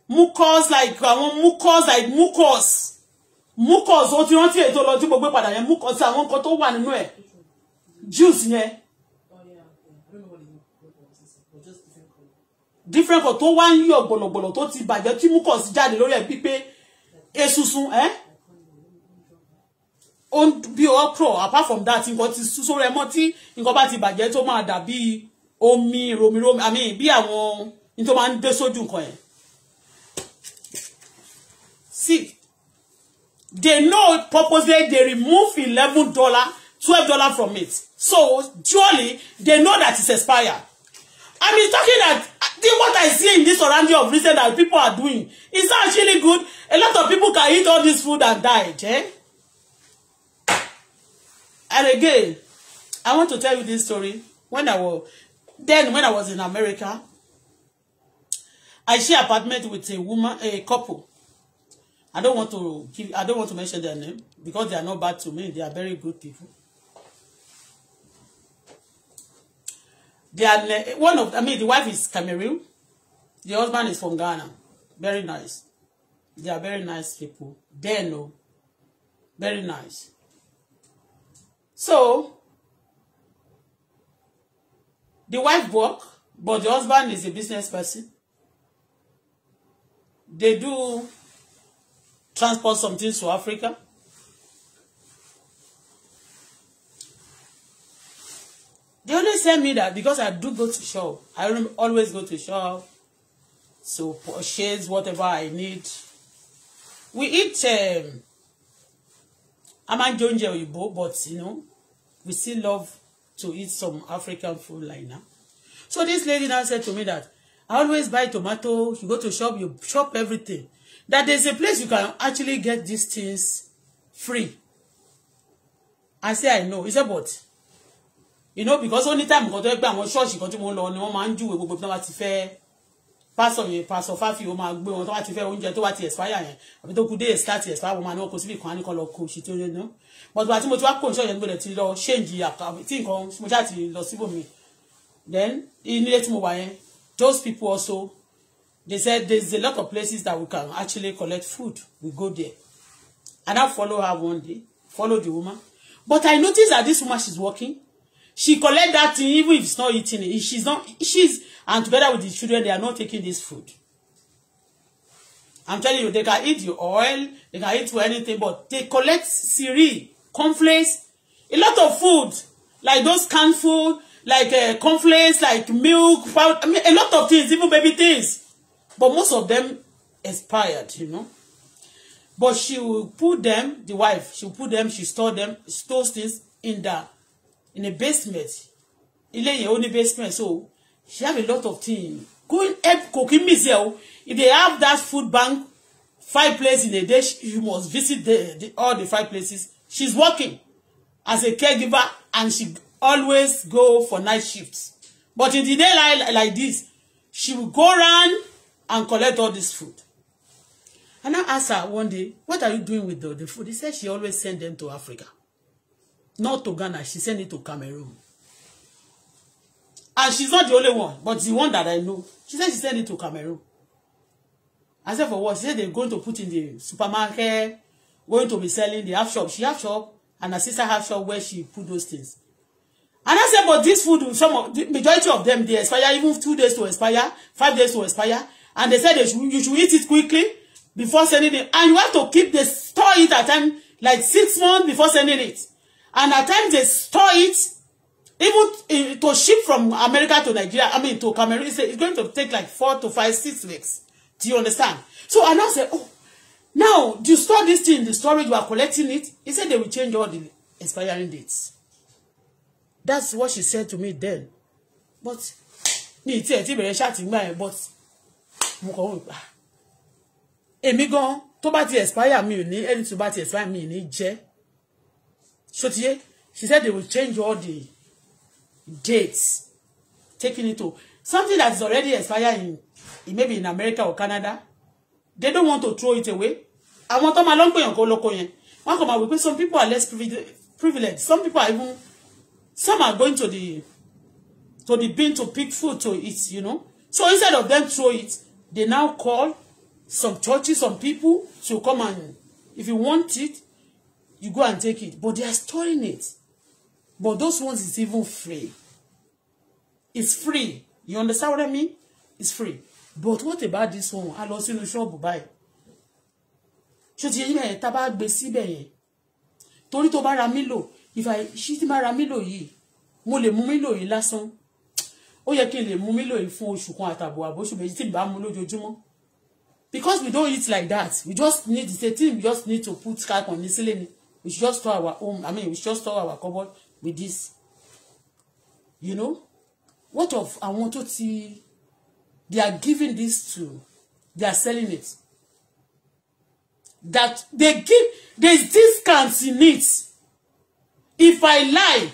Mucus like, àwọn mucus like mucus mucus ó ti rántí ètò lọ tí mo gbé padà yẹn mucus àwọn nǹkan tó wà nínú ẹ̀ juice yẹn different kan tó wá ń yọ gbọ̀nàgbọ̀nà tó ti bàjẹ́ tí mucus jáde lórí ẹ̀ pípé esusun ẹ́ ó ń bí pro. apart from that nǹkan ti sú sórí ẹ mọ́ tí nǹkan bá ti bàjẹ́ tó máa dà bí omi I mean, bí àwọn ní tó máa ń dé sójú nǹkan yẹn. see they know purposely they remove eleven dollar twelve dollar from it so surely they know that it's expired I mean talking that the what I see in this surrounding of recent that people are doing is not actually good a lot of people can eat all this food and die eh and again I want to tell you this story when I was then when I was in America I share apartment with a woman a couple I don't want to give I don't want to mention their name because they are not bad to me. They are very good people. They are one of I mean the wife is Cameroon. The husband is from Ghana. Very nice. They are very nice people. They know. Oh, very nice. So the wife work, but the husband is a business person. They do transport something to Africa? They always tell me that because I do go to shop, I always go to shop so purchase whatever I need. We eat, um, a máa but you know, we still love to eat some African food like now. So this lady now said to me that I always buy tomato, you go to shop, you shop everything that there's a place you can actually get these things free. I say I know. He said, but you know because only time nǹkan tó yẹ pé àwọn ṣọ́ọ̀ṣì kan tí mo ń lọ ni wọ́n máa ń júwe gbogbo tí wọ́n bá ti fẹ́ pásọ̀ yẹn pásọ̀ fáfi ó máa gbé wọn tó bá ti fẹ́ oúnjẹ tó bá ti expire yẹn àbí tó kú dé start expire wọn máa ní wọn kò síbi kan á ní kan lọ kó ṣe tí ó yẹ but what you want to kó ìṣọ́ yẹn gbọdọ̀ ti lọ ṣéǹjì tí nǹkan mo ṣáà me. then in tí mo wà those people also they said there's a lot of places that we can actually collect food we go there and I follow her one day follow the woman but I notice that this woman she's working she collect that thing even if it's not eating it she's not she's and together with the children they are not taking this food I'm telling you they can eat the oil they can eat for anything but they collect cereal cornflakes a lot of food like those canned food like uh, cornflakes like milk powder I mean a lot of things even baby things But most of them expired, you know. But she will put them, the wife, she will put them, she store them, stores things in the in a basement. Ilé yẹn ó ní basement, so she have a lot of things. Going help cooking myself. If they have that food bank, five places in a day, she must visit the, the, all the five places. She's working as a caregiver and she always go for night shifts. But in the daylight like this, she will go around and collect all this food. And I asked her one day, what are you doing with the, the food? He said she always send them to Africa. Not to Ghana, she send it to Cameroon. And she's not the only one, but the one that I know. She said she send it to Cameroon. I said for what? She said they're going to put in the supermarket, going to be selling the half shop. She half shop and her sister half shop where she put those things. And I said, but this food, some of the majority of them, they expire even two days to expire, five days to expire and they said they should, you should eat it quickly before sending it. And you have to keep the store it at time like six months before sending it. And at times they store it even to ship from America to Nigeria, I mean to Cameroon, it's going to take like four to five, six weeks. Do you understand? So I now say, oh, now you store this thing in the storage, you are collecting it. He said they will change all the expiring dates. That's what she said to me then. But me, it's a but mo kàn wò pa ah, èmi gan tó bá ti expire mi ò ní ẹni tó bá ti expire mi ò ní jẹ sotiye she said they will change all the dates taking it to something that is already expired in, maybe in America or Canada they don't want to throw it away àwọn tó máa lọ ń gbèyàn kó lóko yẹn wọn kò máa wí pé some people are less privileged some people are even some are going to the to the bin to pick food to eat you know so instead of them throw it they now call some churches, some people to come and, if you want it, you go and take it. But they are storing it. But those ones is even free. It's free. You understand what I mean? It's free. But what about this one? I lost sínú ṣọ́ọ̀bù báyìí. Ṣé ti yẹ́yìn ẹ̀ tá bá gbé síbẹ̀ yẹn? Torí tó bá ra mílò, ìfà ṣí ti bá ra mílò yìí, mo lè mú mílò yìí lásán ó yẹ kí n lè mú mílò yìí fún oṣù kan àtàbọ̀ àbóṣù méjì tí n bá mú lójoojúmọ́ because we don't eat like that we just need the thing we just need to put cap on the ceiling. we should just store our home i mean we should just store our cupboard with this you know what of àwọn tó ti they are giving this to they are selling it that they give there is discount in it if i lie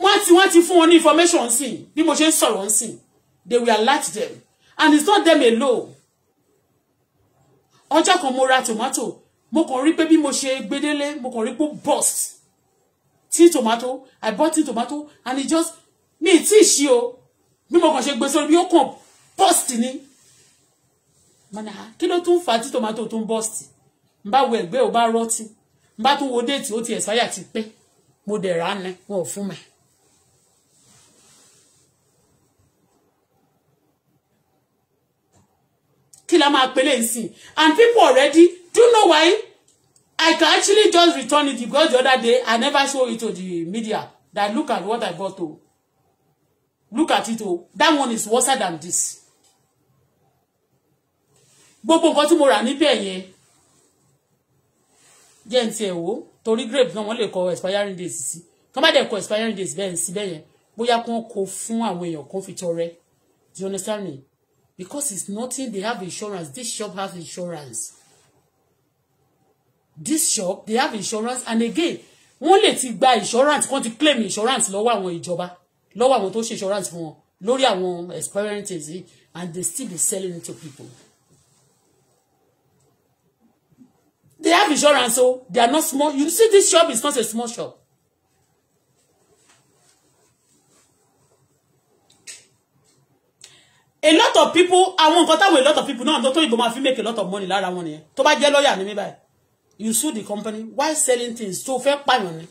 wọ́n ti wọ́n ti fún wọn ní information sìn bí mo ṣe ń sọ̀rọ̀ sìn they will alert them and it's not them alone ọjọ́ kan mo ra tomato mo kàn rí pé bí mo ṣe gbedele mo kàn rí pé burst tí tomato i bought tí tomato and it just mi tí ì ṣí o bí mo kàn ṣe gbé sórí bí ó kàn burst ni mana ah, kí ló tún fa tí tomato tún burst n bá wo ẹ̀gbẹ́ ò bá rọtí n bá tún wo déètì ó ti ẹ̀sáyà ti pé mo dẹ̀ rà ní wọn ò fún mi. kí la máa pèlè and people already do you know why I can actually just return it because the other day I never show it to the media that look at what I bought to. look at it Oh, that one is worse than this gbogbo nǹkan tí mo rà níbẹ̀ yẹn jẹ́ n tiẹ̀ wò torí grapes náà wọ́n lè kọ expiring dates sí kọ́ má dẹ̀ kọ expiring dates bẹ́ẹ̀ sí bẹ́ẹ̀ yẹn bóyá kí wọ́n kó fún àwọn èèyàn kó fi tọrẹ do you understand me because it's nothing they have insurance this shop has insurance this shop they have insurance and again wọ́n lè ti gba insurance wọ́n ti claim insurance lọ́wọ́ àwọn ìjọba lọ́wọ́ àwọn tó ṣe insurance fún wọn lórí àwọn experiences yìí and they still be selling it to people they have insurance o so they are not small you see this shop is not a small shop a lot of people àwọn nǹkan táwọn a lot of people náà tó ìbò máa fi make a lot of money lára wọn nìyẹn tó bá jẹ́ lọ́ọ̀yà ní mi báyìí you sue the company why selling things tó fẹ́ pààyàn ni.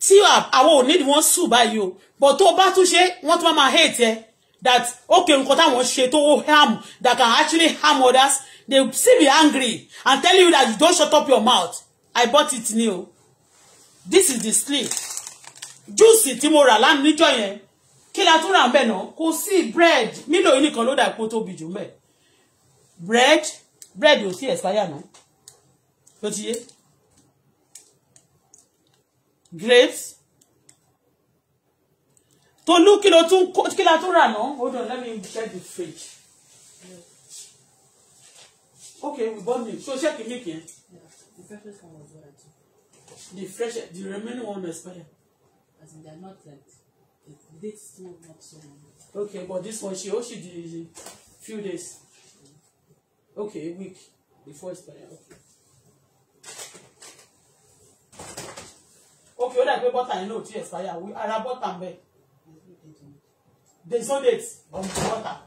tí àwọn ò nídìí wọ́n sùn báyìí o but tó o bá tún ṣe wọ́n tún máa hate ẹ that okay nǹkan táwọn ṣe tó harm that can actually harm others they still be angry and tell you that you don't shut up your mouth I bought it new this is the slip. juice tí mo rà lánàá níjọ́ yẹn kí la tún rà ń bẹ̀ náà kò sí bread mílò yìí nìkan ló dà kó tóbi jù ń bẹ̀ bread bread ò sí expire náà ló ti yé grapes tolú kí ló tún kí la tún rà náà hold on let me check the fridge okay we bought milk so check the milk yẹn. The The fresh the remaining one expire. As in they are not like date still not so long. okay but this one she also oh, did it few days okay a week before expire okay. okay ó dà pé bọ́tà yẹn náà ò tí expire ara bọ́tà ń bẹ̀ there no date on the water.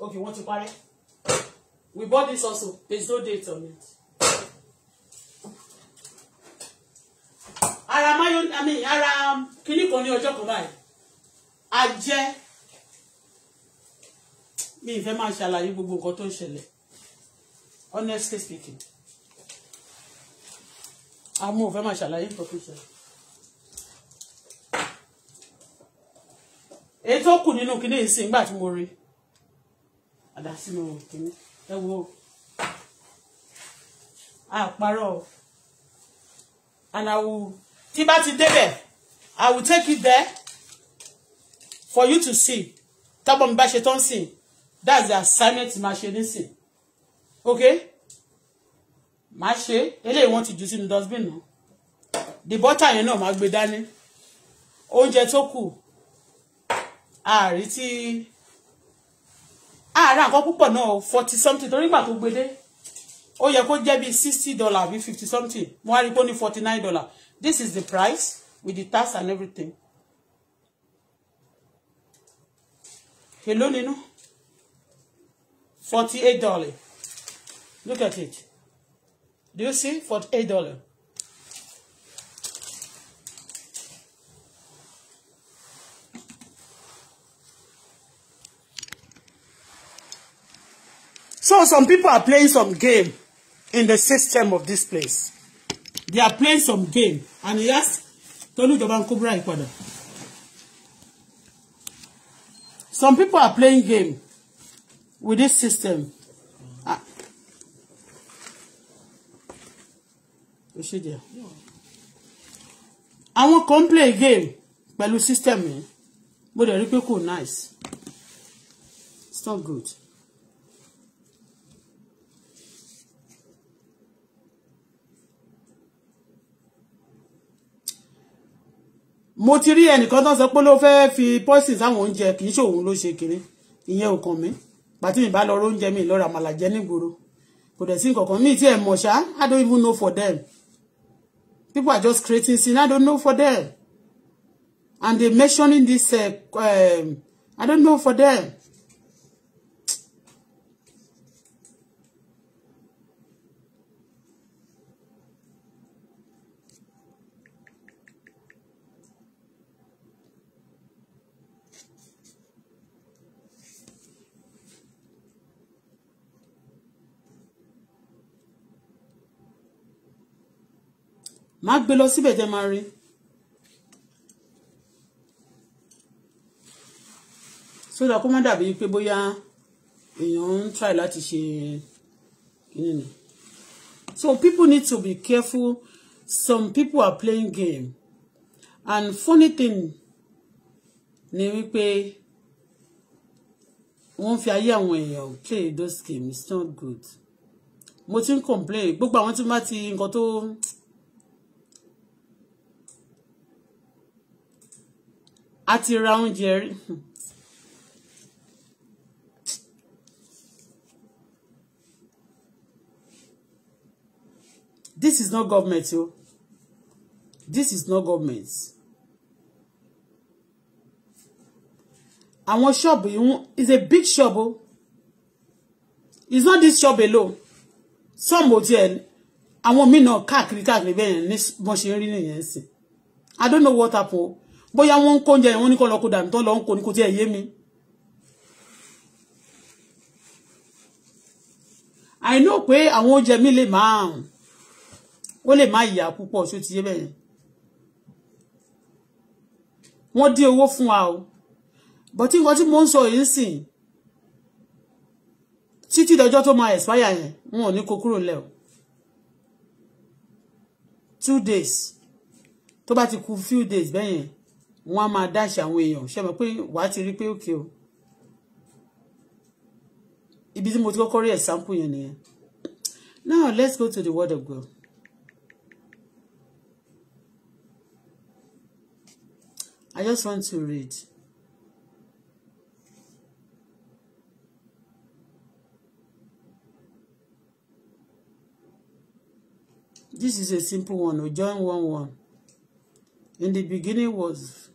okay want to buy it? we bought this also There's no date on it. ara mayo i mean ara kìnnìkan ní ọjọ́ kan báyìí ajẹ́ mi ìfẹ́ máa ṣàlàyé gbogbo nǹkan tó ń ṣẹlẹ̀ honestly speaking àmọ́ ò fẹ́ máa ṣàlàyé nǹkan tó ń ṣẹlẹ̀. èyí tó kù nínú kinní ìsìn nígbà tí mo rí àdá sínú kinní ẹ wo àparọ́ and I will tí bá ti débẹ̀ I will take it there for you to see tọ́gbọ́n mi bá ṣe tán sìn that's the assignment máa ṣe nísìn Okay, máa ṣe eléyìí wọ́n ti jù sínú dustbin náà the butter yẹn náà máa gbé dání oúnjẹ tó kù ààrí tí ààrẹ nǹkan púpọ̀ náà forty something torí gbà to gbé dé ó yẹ kó jẹ́ bíi sixty dollar bíi fifty something mo wá rí i pé ó forty nine dollar this is the price with the tax and everything Hello, Nino. Forty-eight dollar. Look at it. Do you see? forty-eight dollar? So some people are playing some game in the system of this place. They are playing some game. And yes, Tolu Joban Kubra Ipada. Some people are playing game with this system. I ah. Àwọn come play a game the system yẹn. Mo dẹ̀ rí nice. It's not good. mo ti rí ẹnìkan tó ń sọ pé ló fẹ́ fi pọ́sìn sáwọn oúnjẹ kì í ṣòun ló ṣe kiri ìyẹn ò kàn mí pàtí mi bá lọ oúnjẹ mi lọ́ra màlàjẹ́ nígboro kò dẹ̀ sí nǹkankan mi tí ẹ̀ mọ̀ ṣá I don't even know for them people are just creating sin I don't know for them and they mentioning this uh, um, I don't know for them má gbé lọ síbẹ̀ tẹ́ máa rí sódà kó má dàbí pé bóyá èèyàn ń try láti ṣe kíni ni so people need to be careful some people are playing game and funny thing ni wípé wọ́n fi ayé àwọn èèyàn play those games it's not good mo ti ń complain gbogbo àwọn tí wọ́n bá ti nǹkan tó. a ti ra oúnjẹ rí. this is not government o this is not government àwọn ṣọ́ọ̀bù yìí is a big shop o it's not this shop alone some hotel àwọn míì náà káàkiri káàkiri bẹ́ẹ̀ yẹn ní bọ́n ṣe ń rí nìyẹn sí i don't know what happen bóyá wọ́n ń kó oúnjẹ yẹn wọ́n ní kó lọ kó dànù tó lọ ń kó ní kó tiẹ̀ yé mi. àìní pé àwọn oúnjẹ mi lè máa ó lè má ìyà púpọ̀ ṣó ti yé bẹ́ẹ̀ wọ́n dín owó fún wa o bọ̀tí nǹkan tí mo ń sọ yìí sìn títí dọjọ́ tó máa expire yẹn wọn ò ní kó kúrò lẹ̀ o two days tó bá ti kù few days bẹ́yẹn wọ́n á máa dáṣì àwọn èèyàn ṣe mọ̀ pé wàá ti rí pé òkè o ibi tí mo ti kọ́kọ́ rí ẹ̀sáǹpù yẹn nìyẹn now let's go to the word of God I just want to read. This is a simple one, oh, John one one. In the beginning was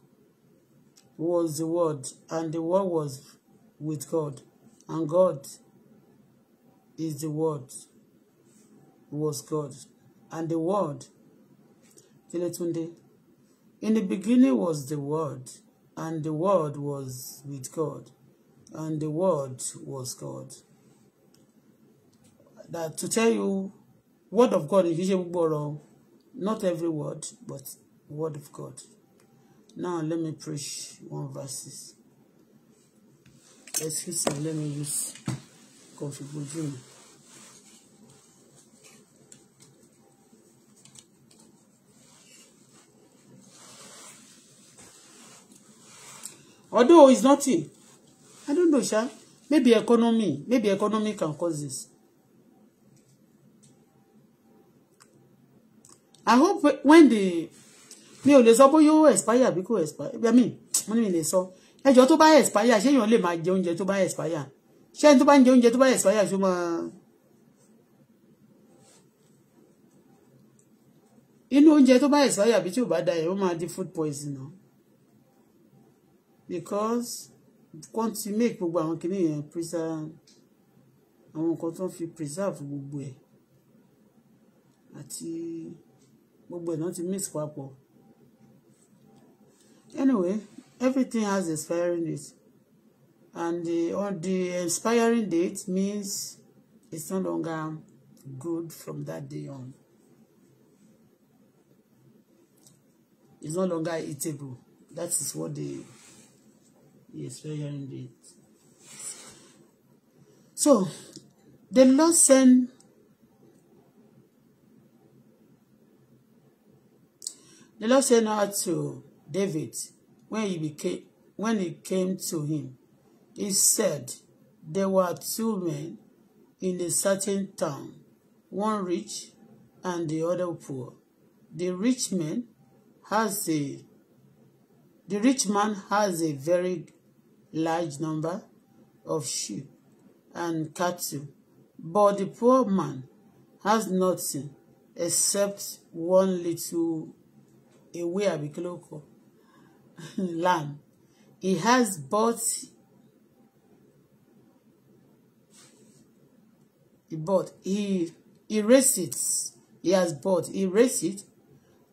was the Word, and the Word was with God, and God is the Word, was God, and the Word. Kiletunde. In the beginning was the Word, and the Word was with God, and the Word was God. That to tell you, Word of God is usually not every word, but Word of God. Now let me preach one verses. Excuse me, let me use configuration. Although it's nothing, I don't know, sir. Maybe economy, maybe economy can cause this. I hope when the mi ò lè sọ bóyá ó expire àbí kò expire I mean mo ní mi lè sọ ẹjọ́ tó bá expire ṣé èèyàn lè máa jẹ oúnjẹ tó bá expire ṣé ẹni tó bá ń jẹ oúnjẹ tó bá expire ṣó máa. inú oúnjẹ tó bá expire àbí tí ò bá da ẹ̀ ó máa di food poison because wọ́n ti make gbogbo àwọn kìnìún yẹn preserve àwọn nǹkan tó ń fi preserve gbogbo ẹ̀ àti gbogbo ẹ̀ náà ti mix papọ̀. Anyway, everything has expiring date. And the, on the expiring date means it's no longer good from that day on. It's no longer eatable. That is what the, the expiring date. So, the Lord sent the Lord sent out to David, when he became when he came to him, he said, There were two men in a certain town, one rich and the other poor. The rich man has a the rich man has a very large number of sheep and cattle, but the poor man has nothing except one little a àbí kí Land, He has bought, he bought, he, he raised it. He has bought, he raised it,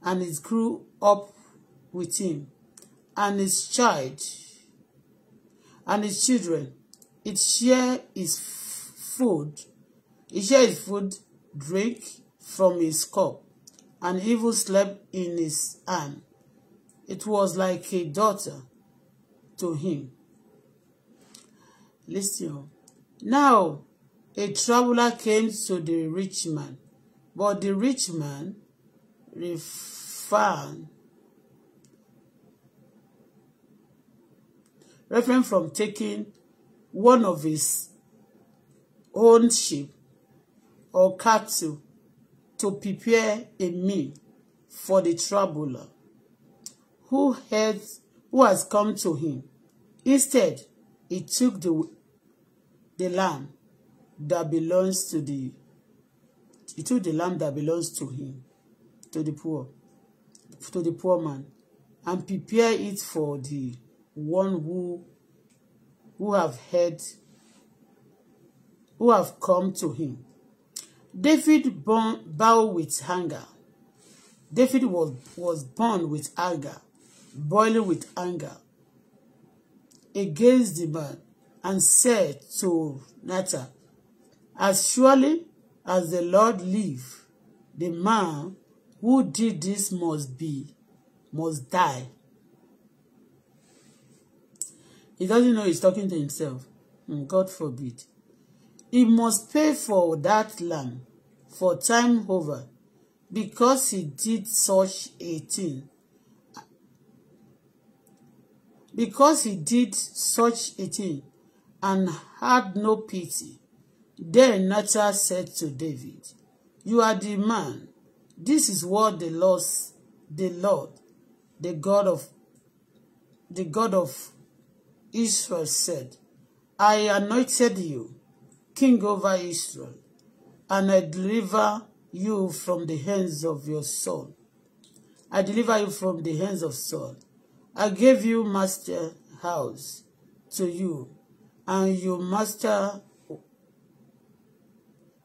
and it grew up with him, and his child, and his children. It share his food, it share his food, drink from his cup, and evil slept in his hand. It was like a daughter to him. Listen. Now, a traveler came to the rich man, but the rich man refrained. refrained from taking one of his own sheep or cattle to prepare a meal for the traveler who heads who has come to him. Instead, he took the, the lamb that belongs to the he took the lamb that belongs to him, to the poor, to the poor man, and prepared it for the one who who have heard who have come to him. David born, bowed with anger. David was, was born with anger boiling with anger against the man and said to Nathan, As surely as the Lord lives, the man who did this must be, must die. He doesn't know he's talking to himself. Hmm, God forbid. He must pay for that land for time over because he did such a thing because he did such a thing and had no pity. Then Nathan said to David, You are the man. This is what the Lord, the Lord, the God of the God of Israel said, I anointed you king over Israel, and I deliver you from the hands of your son. I deliver you from the hands of Saul I gave you master house to you, and your master.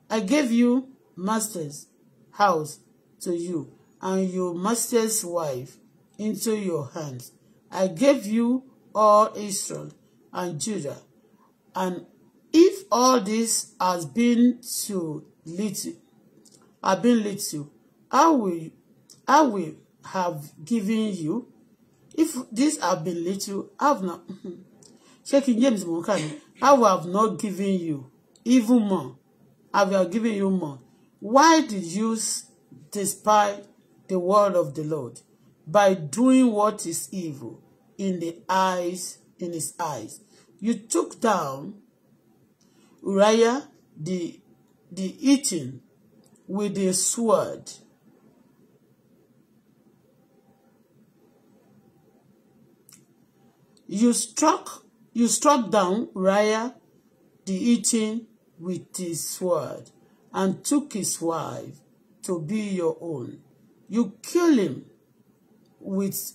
I gave you master's house to you, and your master's wife into your hands. I gave you all Israel and Judah, and if all this has been too little, have been little, I will, I will have given you if this have been little have not shaking James Mokani I will have not given you even more I will have given you more why did you despise the word of the Lord by doing what is evil in the eyes in his eyes you took down Uriah the the eating with a sword You struck, you struck down Uriah the Eating with his sword and took his wife to be your own. You kill him with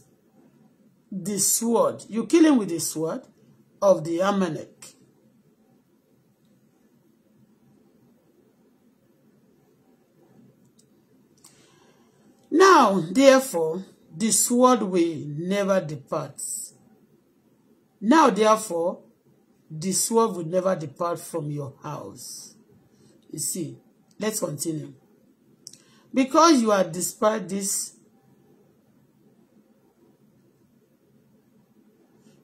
the sword. You kill him with the sword of the Amalek. Now, therefore, the sword will never depart Now, therefore, the sword will never depart from your house. You see, let's continue. Because you are despite this,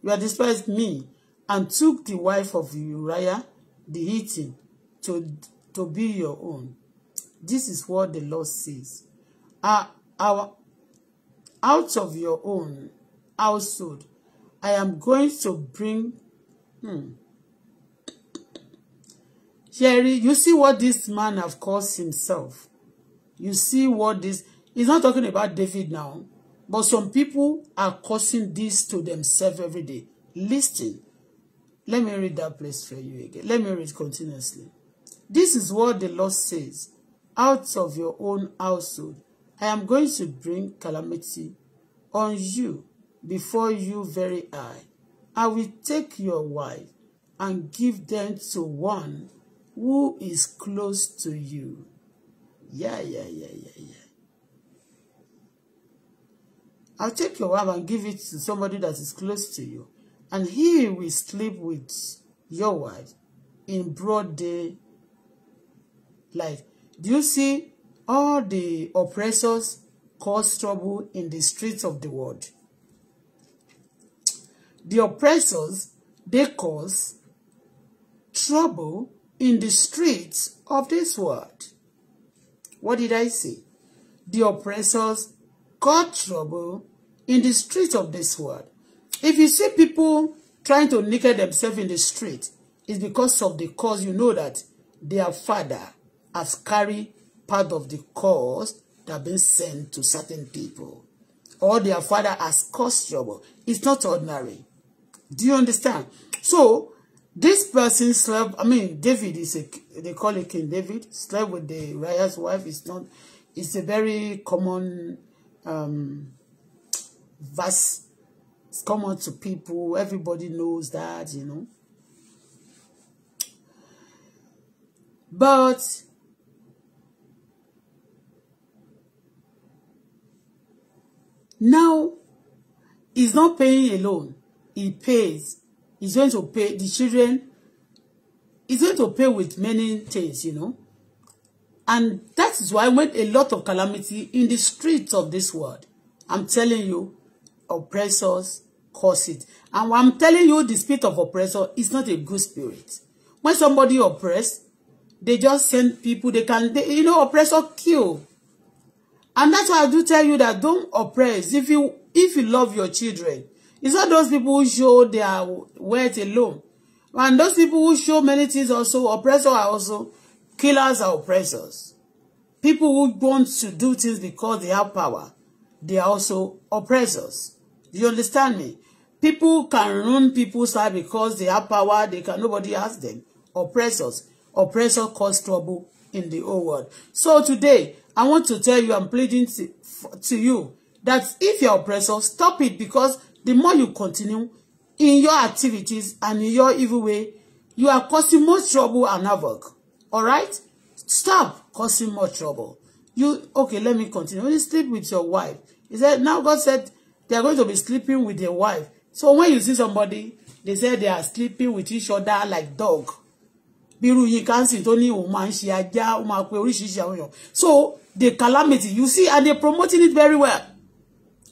you are despised me and took the wife of Uriah the Hittite to, to be your own. This is what the Lord says. Our, our, out of your own household I am going to bring. Hmm. Jerry, you see what this man have caused himself. You see what this. He's not talking about David now, but some people are causing this to themselves every day. Listen. Let me read that place for you again. Let me read continuously. This is what the Lord says. Out of your own household, I am going to bring calamity on you before you very eye, I will take your wife and give them to one who is close to you. Yeah, yeah, yeah, yeah, yeah. I'll take your wife and give it to somebody that is close to you, and he will sleep with your wife in broad day light. Do you see all the oppressors cause trouble in the streets of the world? The oppressors, they cause trouble in the streets of this world. What did I say? The oppressors cause trouble in the streets of this world. If you see people trying to nicker themselves in the street, it's because of the cause you know that their father has carried part of the cause that has been sent to certain people. Or their father has caused trouble. It's not ordinary. Do you understand? So this person slept. I mean, David is a they call it King David. Slept with the Raya's wife. It's not. It's a very common um, verse. It's common to people. Everybody knows that, you know. But now he's not paying alone he pays. He's going to pay the children. He's going to pay with many things, you know. And that is why when a lot of calamity in the streets of this world, I'm telling you, oppressors cause it. And I'm telling you, the spirit of oppressor is not a good spirit. When somebody oppressed, they just send people, they can, they, you know, oppressor kill. And that's why I do tell you that don't oppress. If you if you love your children, It's not those people who show their wealth alone. And those people who show many things also, oppressors are also, killers are oppressors. People who want to do things because they have power, they are also oppressors. Do you understand me? People can ruin people's life because they have power, they can nobody ask them. Oppressors. Oppressor cause trouble in the whole world. So today, I want to tell you, I'm pleading to, to you that if you're oppressor, stop it because the more you continue in your activities and in your evil way, you are causing more trouble and havoc. All right? Stop causing more trouble. You okay, let me continue. When you sleep with your wife, he said, now God said they are going to be sleeping with their wife. So when you see somebody, they say they are sleeping with each other like dog. So the calamity, you see, and they're promoting it very well.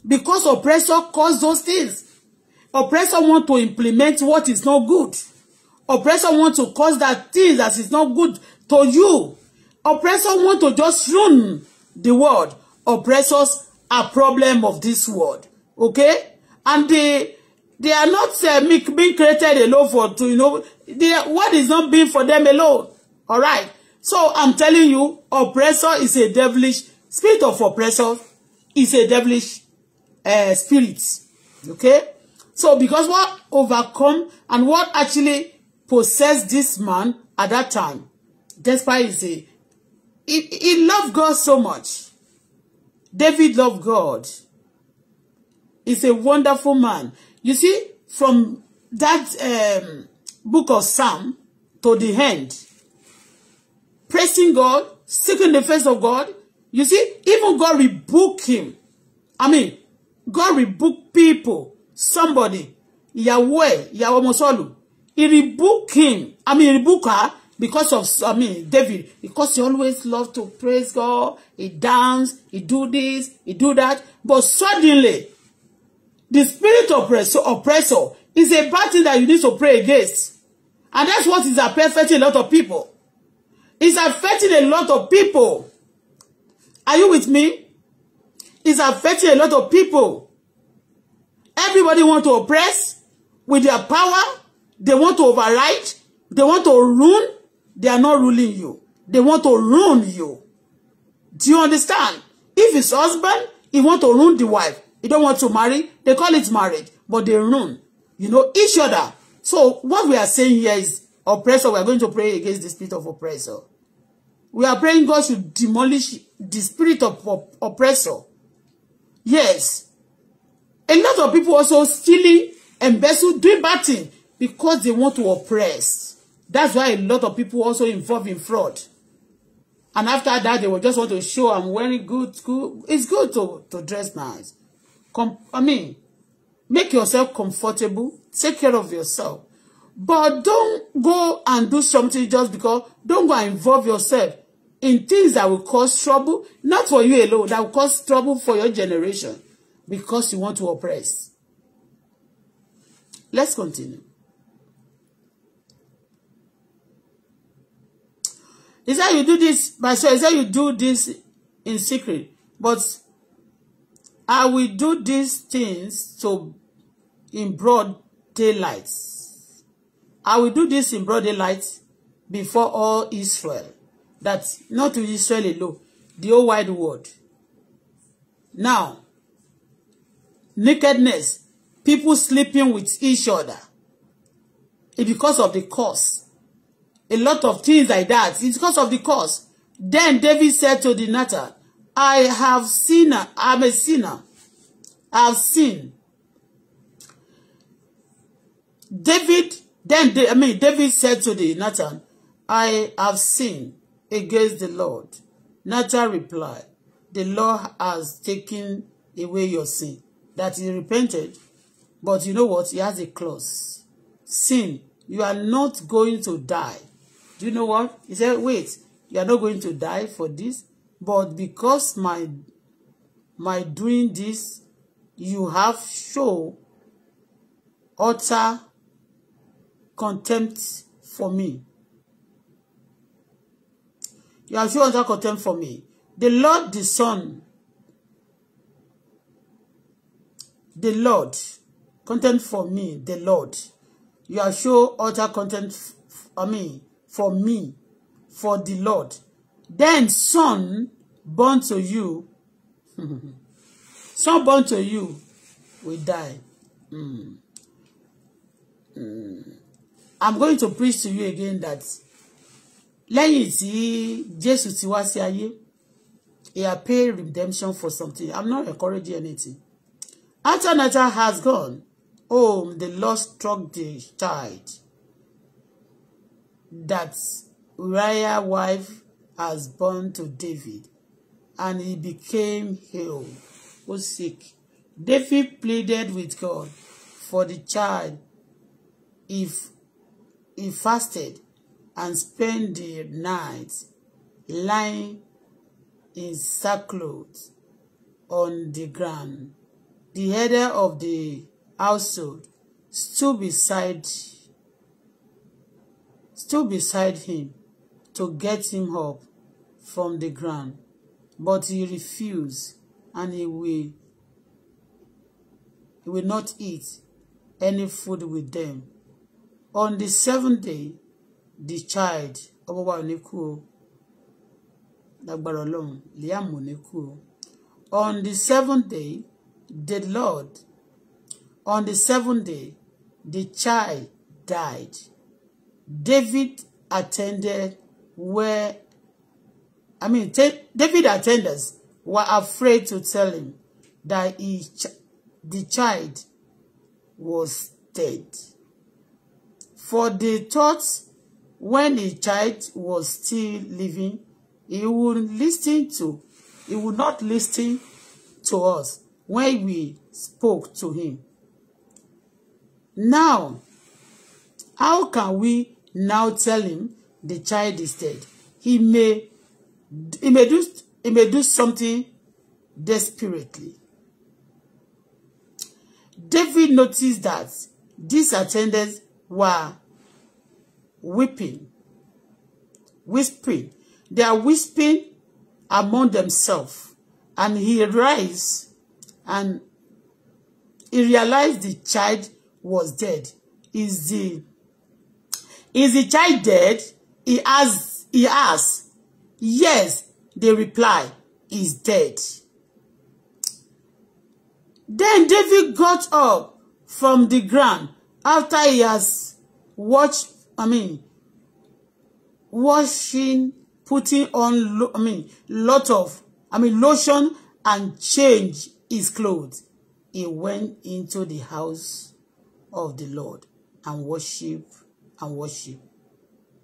Because oppressor cause those things. Oppressor want to implement what is not good. Oppressor want to cause that thing that is not good to you. Oppressor want to just ruin the world. Oppressors are problem of this world. Okay? And they they are not uh, being created alone for to you know the what is not being for them alone. All right. So I'm telling you, oppressor is a devilish spirit of oppressor is a devilish uh, eh, spirits. Okay? So because what overcome and what actually possessed this man at that time, despite his he, he loved God so much. David loved God. He's a wonderful man. You see, from that um, book of Psalm to the end, praising God, seeking the face of God, you see, even God rebuked him. I mean, God rebuke people. Somebody, Yahweh, Yahweh ìyàwó he rebuke him. I mean, rebuke her because of, I mean, David, because he always loved to praise God. He dance, he do this, he do that. But suddenly, the spirit of oppressor, oppressor is a bad thing that you need to pray against. And that's what is affecting a lot of people. It's affecting a lot of people. Are you with me? Is affecting a lot of people. Everybody want to oppress with their power. They want to override. They want to ruin. They are not ruling you. They want to ruin you. Do you understand? If it's husband, he want to ruin the wife. He don't want to marry. They call it marriage, but they ruin, you know, each other. So what we are saying here is oppressor. We are going to pray against the spirit of oppressor. We are praying God should demolish the spirit of op oppressor Yes. A lot of people also stealing, and embezzle, doing bad thing because they want to oppress. That's why a lot of people also involved in fraud. And after that, they will just want to show I'm wearing good school. It's good to, to dress nice. Com I mean, make yourself comfortable. Take care of yourself. But don't go and do something just because, don't go and involve yourself in things that will cause trouble, not for you alone, that will cause trouble for your generation because you want to oppress. Let's continue. He said you do this, Marcel, he said you do this in secret, but I will do these things to in broad daylight. I will do this in broad daylight before all Israel that not to Israel alone, the whole wide world. Now, nakedness, people sleeping with each other, it's eh, because of the cause. A lot of things like that, it's because of the cause. Then David said to the Nathan, I have seen, I'm a sinner. I've seen. David, then, I mean, David said to the Nathan, I have seen against the Lord? Nathan replied, The Lord has taken away your sin. That he repented. But you know what? He has a clause. Sin, you are not going to die. Do you know what? He said, wait, you are not going to die for this. But because my my doing this, you have shown utter contempt for me. You are sure that content for me. The Lord, the Son. The Lord. Content for me, the Lord. You are show utter content, I mean, for me, for the Lord. Then son born to you, son born to you will die. Mm. Mm. I'm going to preach to you again that lẹ́yìn tí Jésù ti wá sí ayé he had paid redemption for something i'm not encouraging anything after Nathan has gone home the Lord struck the child that Uriah's wife has born to David and he became ill or sick David pleaded with God for the child if he fasted and spend the night lying in sackcloth on the ground. The head of the household stood beside stood beside him to get him up from the ground, but he refused, and he will he will not eat any food with them. On the seventh day, the child ọmọ wa ò ní kú o lágbára ọlọ́run Liam ò o on the seventh day the Lord on the seventh day the child died David attended where I mean David attenders were afraid to tell him that he ch the child was dead for the thoughts when his child was still living, he would listen to, he would not listen to us when we spoke to him. Now, how can we now tell him the child is dead? He may, he may do, he may do something desperately. David noticed that these attendants were weeping, whispering. They are whispering among themselves. And he rise and he realized the child was dead. Is the is the child dead? He asked, he asked. Yes, they reply, Is dead. Then David got up from the ground after he has watched I mean, washing, putting on, I mean, lot of, I mean, lotion and change his clothes. He went into the house of the Lord and worship and worship.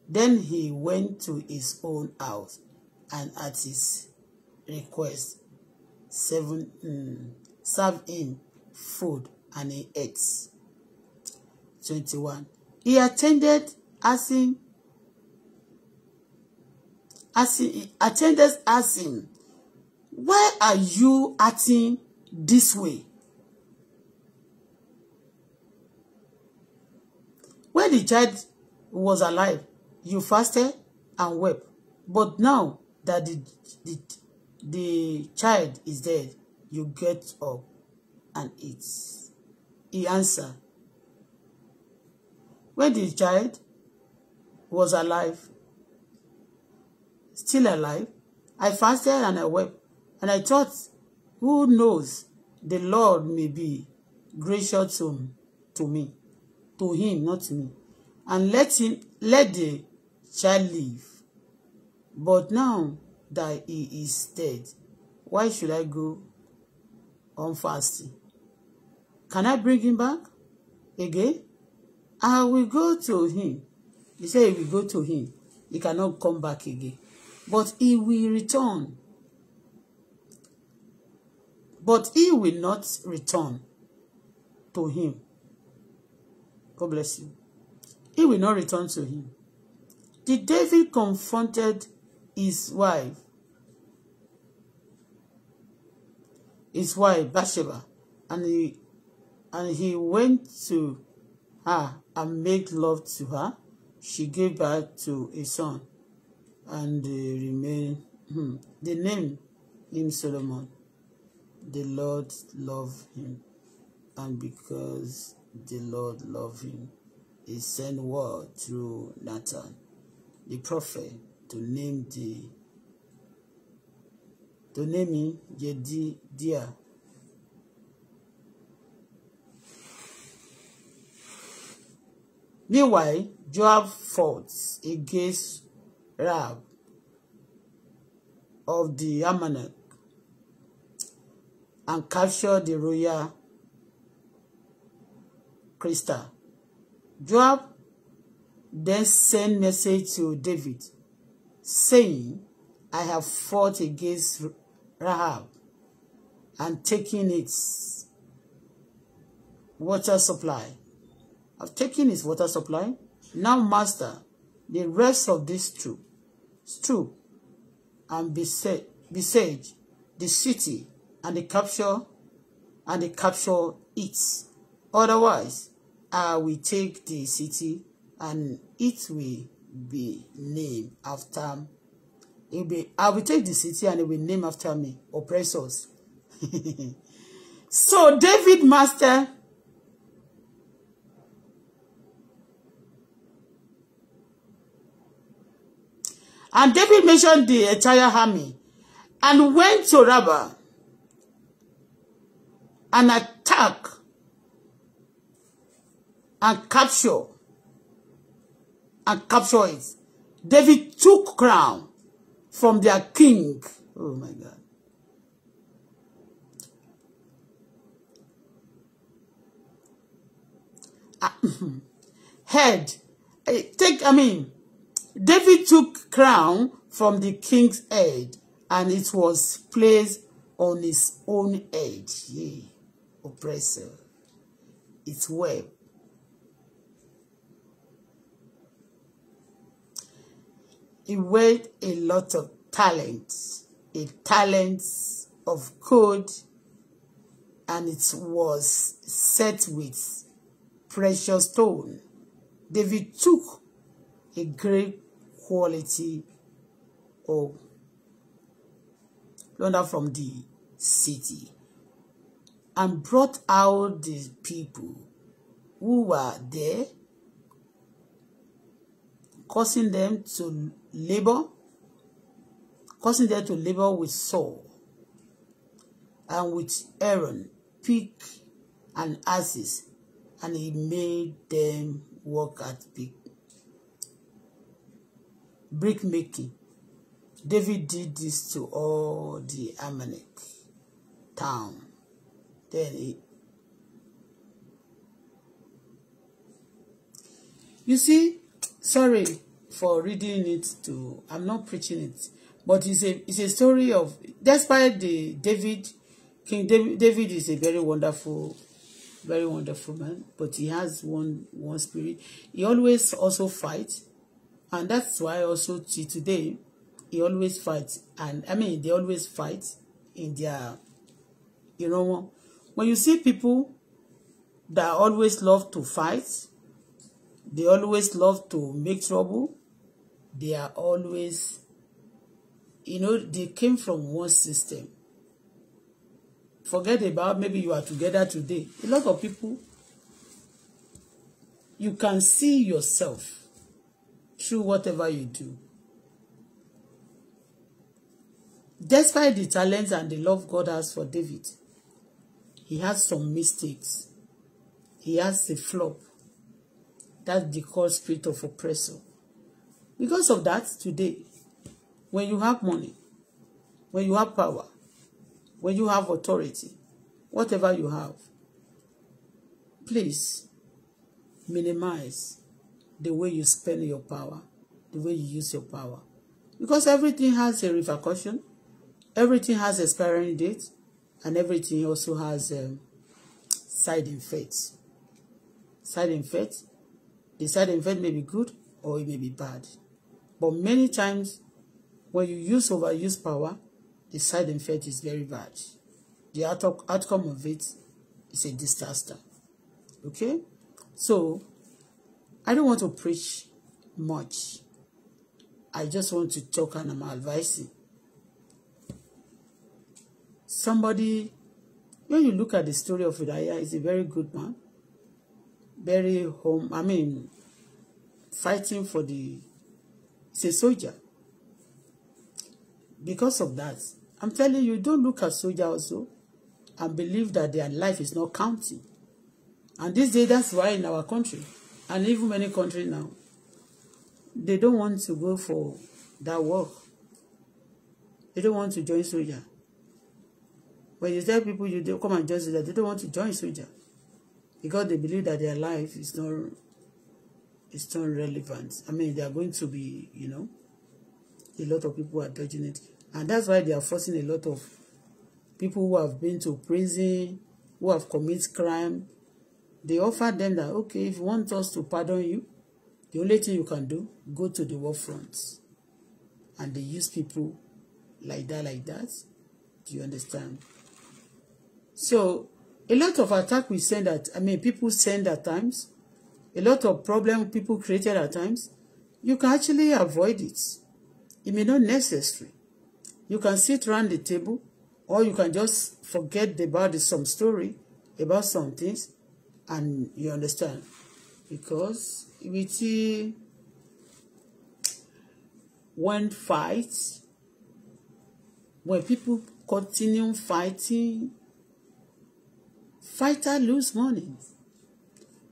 Then he went to his own house and at his request seven, mm, served him food and he ate. 21. He attended Asking, asking attendants asking, why are you acting this way? When the child was alive, you fasted and wept. But now that the, the, the child is dead, you get up and eat. He answered, When the child was alive, still alive. I fasted and I wept, and I thought, who knows, the Lord may be gracious to, to me, to him, not to me, and let him let the child live. But now that he is dead, why should I go on fasting? Can I bring him back again? I will go to him He said if we go to him, he cannot come back again. But he will return. But he will not return to him. God bless you. He will not return to him. The David confronted his wife, his wife Bathsheba, and he and he went to her and made love to her she gave birth to a son and remained hmm, The name, him Solomon. The Lord loved him, and because the Lord loved him, he sent word through Nathan, the prophet, to name the to name him Jedidiah Meanwhile, Joab fought against Rahab of the Ammonites and captured the royal crystal. Joab then sent message to David, saying, I have fought against Rahab and taken its water supply. I've taken its water supply Now master the rest of this troop, troop and besiege, the city and the capture and the capture it. Otherwise, I will take the city and it will be named after it be I will take the city and it will name after me, oppressors. So David master And David mentioned the entire army and went to Rabbah and attack, and capture and capture it. David took crown from their king. Oh my God. Ah, head, eh, take, I mean, David took crown from the king's head and it was placed on his own head. Yea, oppressor. It's web. He weighed a lot of talent, a talent of gold, and it was set with precious stone. David took a great quality of plunder from the city and brought out the people who were there, causing them to labor, causing them to labor with Saul and with Aaron, pick and asses, and he made them work at pick brick making. David did this to all the Ammonic town. Then he, you see, sorry for reading it to, I'm not preaching it, but it's a, it's a story of, despite the David, King David, David is a very wonderful very wonderful man, but he has one one spirit. He always also fights and that's why also till today he always fight and I mean they always fight in their you know when you see people that always love to fight they always love to make trouble they are always you know they came from one system forget about maybe you are together today a lot of people you can see yourself through whatever you do. Despite the talents and the love God has for David, he has some mistakes. He has a flop. That's the called spirit of oppressor. Because of that, today, when you have money, when you have power, when you have authority, whatever you have, please minimize the way you spend your power, the way you use your power. Because everything has a repercussion, everything has expiring date, and everything also has um, side effects. Side effects, the side effect may be good or it may be bad. But many times, when you use overuse power, the side effect is very bad. The out outcome of it is a disaster. Okay? So, I don't want to preach much. I just want to talk and I'm advising. Somebody, when you look at the story of Uriah, he's a very good man. Very home, I mean, fighting for the, he's a soldier. Because of that, I'm telling you, don't look at soldier also and believe that their life is not counting. And this day, that's why in our country, and even many countries now they don't want to go for that work they don't want to join soldier when you tell people you dey come and join soldier they don't want to join soldier because they believe that their life is not is not relevant i mean they are going to be you know a lot of people are dodging it and that's why they are forcing a lot of people who have been to prison who have committed crime They offered them that, okay, if you want us to pardon you, the only thing you can do, go to the war front. And they use people like that, like that. Do you understand? So, a lot of attack we send at, I mean, people send at times. A lot of problem people created at times. You can actually avoid it. It may not necessary. You can sit around the table or you can just forget about the, some story, about some things, and you understand because ibi when fight when people continue fighting fighter lose money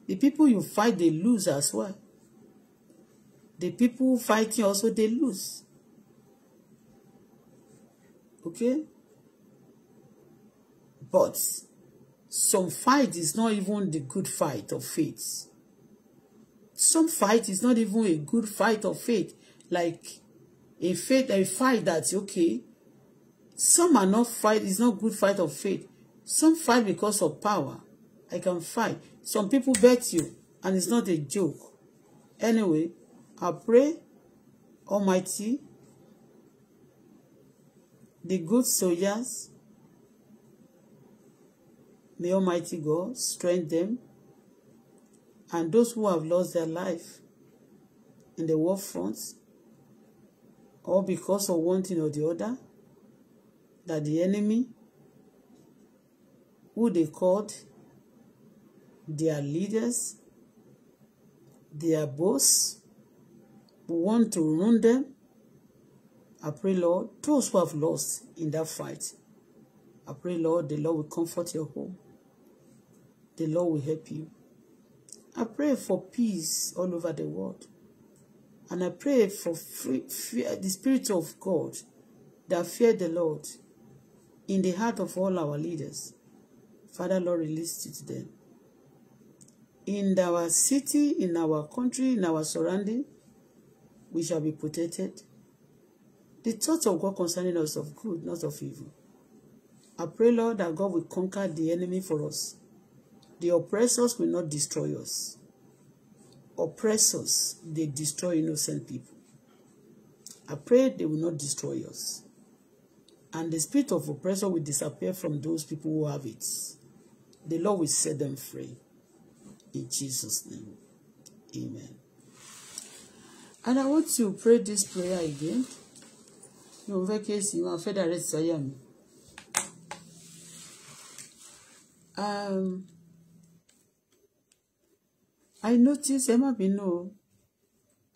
the people you fight they lose as well the people fighting also they lose okay but Some fight is not even the good fight of faith. Some fight is not even a good fight of faith. Like a faith, a fight that's okay. Some are not fight, it's not good fight of faith. Some fight because of power. I can fight. Some people bet you, and it's not a joke. Anyway, I pray, Almighty, the good soldiers, May Almighty God strengthen them and those who have lost their life in the war front or because of one thing or the other that the enemy who they called their leaders, their boss, want to ruin them. I pray, Lord, those who have lost in that fight, I pray, Lord, the Lord will comfort your home. The Lord will help you. I pray for peace all over the world. And I pray for free, fear, the Spirit of God that fear the Lord in the heart of all our leaders. Father, Lord, release it to them. In our city, in our country, in our surrounding, we shall be protected. The thoughts of God concerning us of good, not of evil. I pray, Lord, that God will conquer the enemy for us The oppressors will not destroy us. Oppressors, they destroy innocent people. I pray they will not destroy us. And the spirit of oppression will disappear from those people who have it. The Lord will set them free. In Jesus' name. Amen. And I want to pray this prayer again. You ò fẹ́ kí èsì máa fẹ́ dàrẹ́ ti Um, I notice Emma. má know.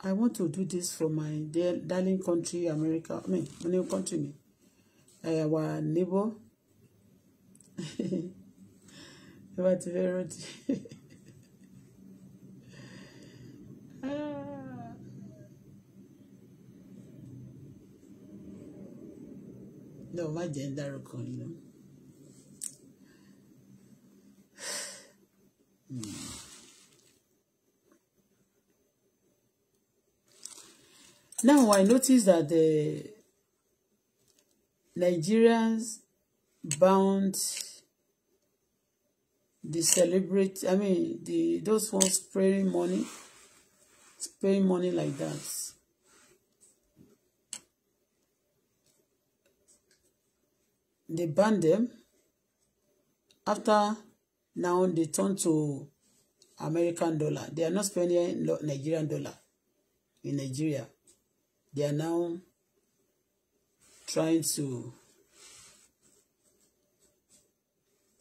I want to do this for my dear darling country America I mean my new country mi our neighbor ẹ bá ti ah. No, my gender má jẹ́ ń dárúkọ Now I notice that the Nigerians bound the celebrate I mean the those ones spraying money spraying money like that. They banned them. After now they turn to American dollar. They are not spending Nigerian dollar in Nigeria. They are now trying to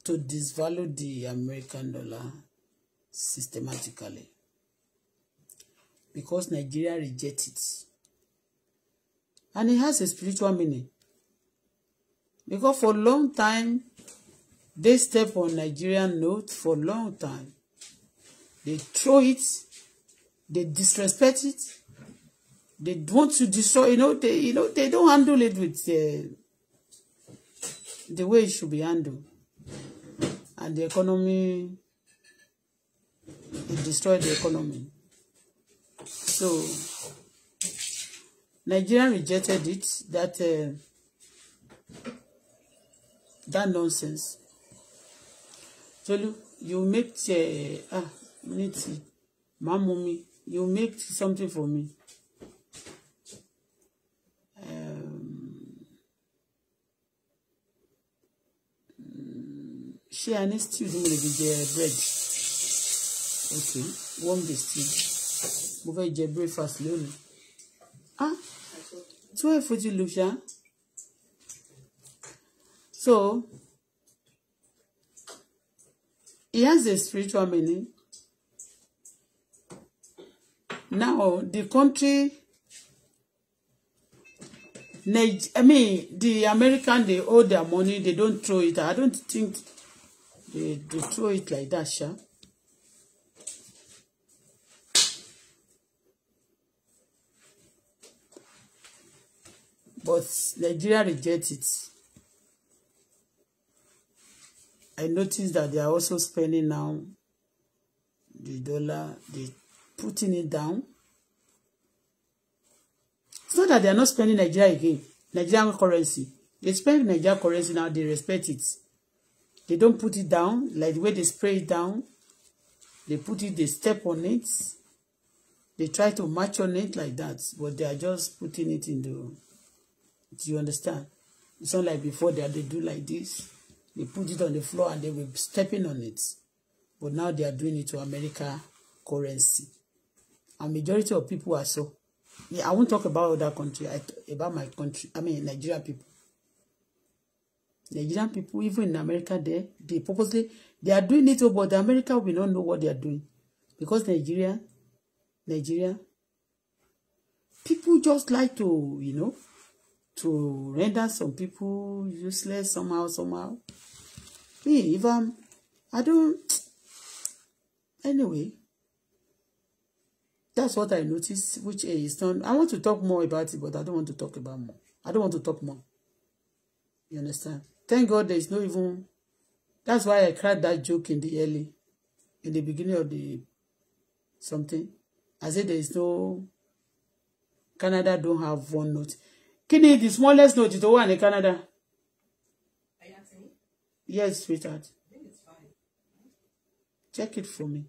to disvalue the American dollar systematically because Nigeria rejects it. And it has a spiritual meaning. Because for long time, they step on Nigerian note for long time. They throw it, they disrespect it, They want to destroy, you know, they, you know, they don't handle it with the, the way it should be handled. And the economy, it destroyed the economy. So, Nigeria rejected it, that, uh, that nonsense. Tolu, you make, uh, ah, minute, màá mú mi, you make something for me. ṣé a ní stew ní mo lè fi jẹ bread ok warm the stew mo fẹ́ jẹ breakfast lónìí ah twelve fojú lu ṣá so he has a spiritual meaning now the country Nige, I mean the American they owe their money they don't throw it I don't think they, they throw it like that sha. but Nigeria reject it I noticed that they are also spending now the dollar they putting it down it's not that they are not spending Nigeria again Nigerian currency they spend Nigerian currency now they respect it They don't put it down like the way they spray it down. They put it, they step on it. They try to march on it like that, but they are just putting it in the. Do you understand? It's not like before that they do like this. They put it on the floor and they were stepping on it. But now they are doing it to America currency. A majority of people are so. Yeah, I won't talk about other country. I, about my country. I mean, Nigeria people. Nigerian people, even in America, there they purposely they are doing it, but the America will not know what they are doing because Nigeria, Nigeria, people just like to, you know, to render some people useless somehow, somehow. Me, even I don't. Anyway, that's what I noticed, which is not. I want to talk more about it, but I don't want to talk about more. I don't want to talk more. You understand? Thank God there is no even. That's why I cried that joke in the early, in the beginning of the something. I said there is no. Canada don't have one note. Kí ni the smallest note tó one in Canada? Are you asking Yes, sweetheart. I think it's five. Check it for me.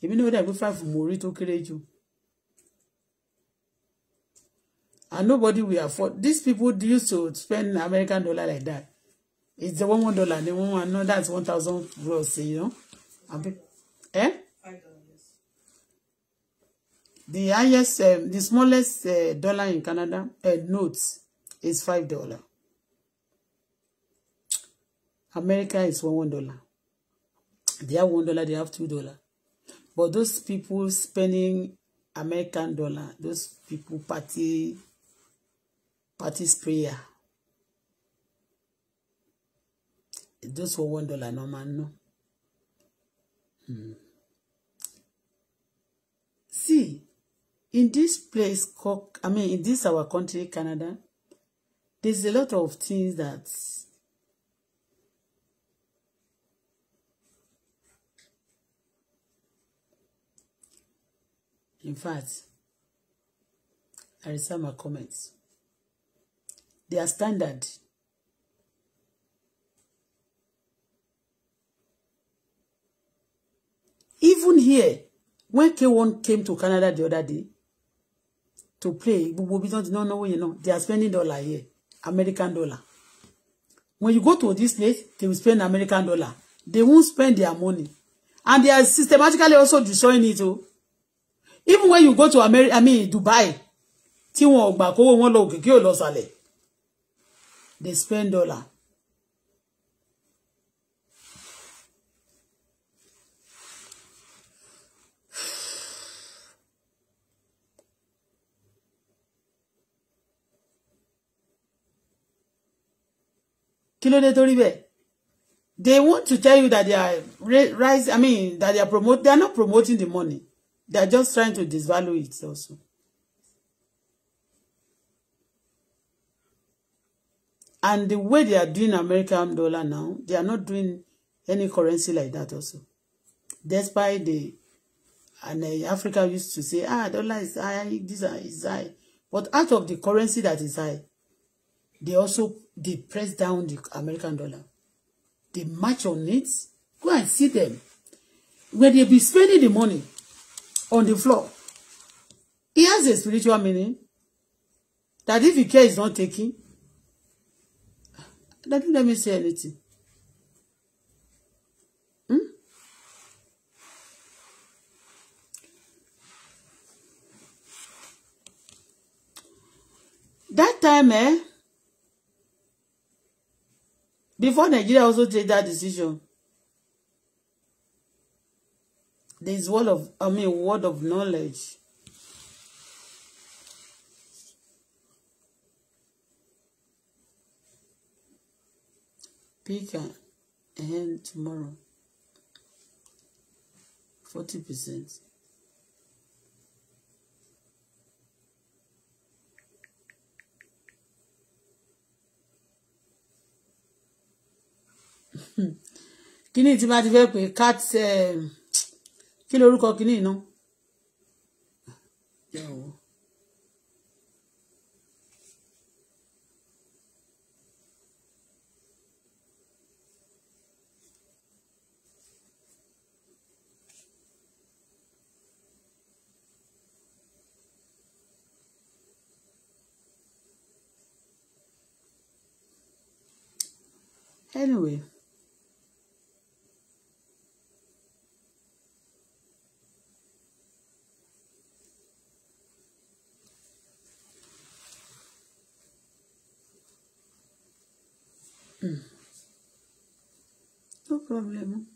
Èmi náà that I go rí tó kéré jù. And nobody will afford. These people used to spend American dollar like that it's the one one dollar the one one no that's one thousand plus you know a bit eh the highest um, the smallest uh, dollar in Canada uh, note is five dollar America is one one dollar they have one dollar they have two dollar but those people spending American dollar those people party party sprayer just for one dollar náà máa ń see in this place i mean in this our country Canada there's a lot of things that In fact, I reserve my comments. Their standard even here when K1 came to Canada the other day to play gbogbo bí wọ́n ti know náwó yẹn náà they are spending dollar here American dollar when you go to this place they will spend American dollar they won't spend their money and they are systematically also destroying it too. even when you go to America I mean Dubai they spend dollar kí ló dé torí bẹ́ẹ̀ they want to tell you that they are rising. i mean that they are promote they are not promoting the money they are just trying to disvalue it also. and the way they are doing American dollar now they are not doing any currency like that also despite the and uh, Africa used to say ah dollar is high this is high but out of the currency that is high They also they press down the American dollar. They match on it. Go and see them. Where they be spending the money on the floor. It has a spiritual meaning that if your care is not taken, don't let me say anything. Hmm? That time, eh? Before Nigeria also take that decision, there is word of, I mean, word of knowledge. Pick and tomorrow. Forty percent. Hmm. kíní tí bá ti fẹ́ pé cat eh, kí lorúkọ kíní iná. Anyway. problem.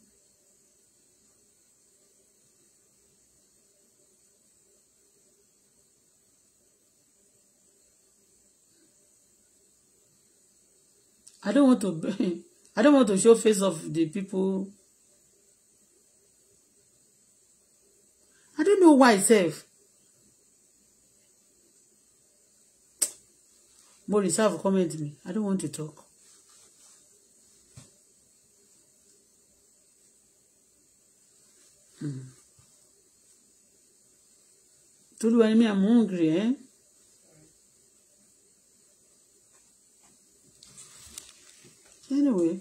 I don't want to I don't want to show face of the people. I don't know why itself. But reserve comment me. I don't want to talk. tudo ni mi I'm hungry ẹ́. Eh? Anyway.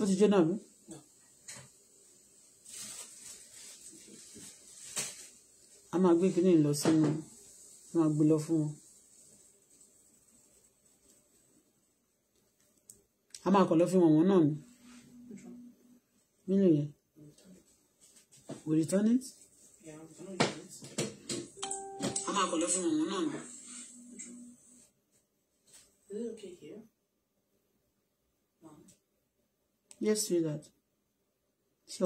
Ó ti jóná A máa gbé kinní lọ sínú, a máa gbé a máa kọ̀ lọ fi wọ̀n wọ́n náà ni nínú yẹn we return it a máa kọ̀ lọ fi wọ̀n wọ́n náà ni. Is okay here? Yes, do that.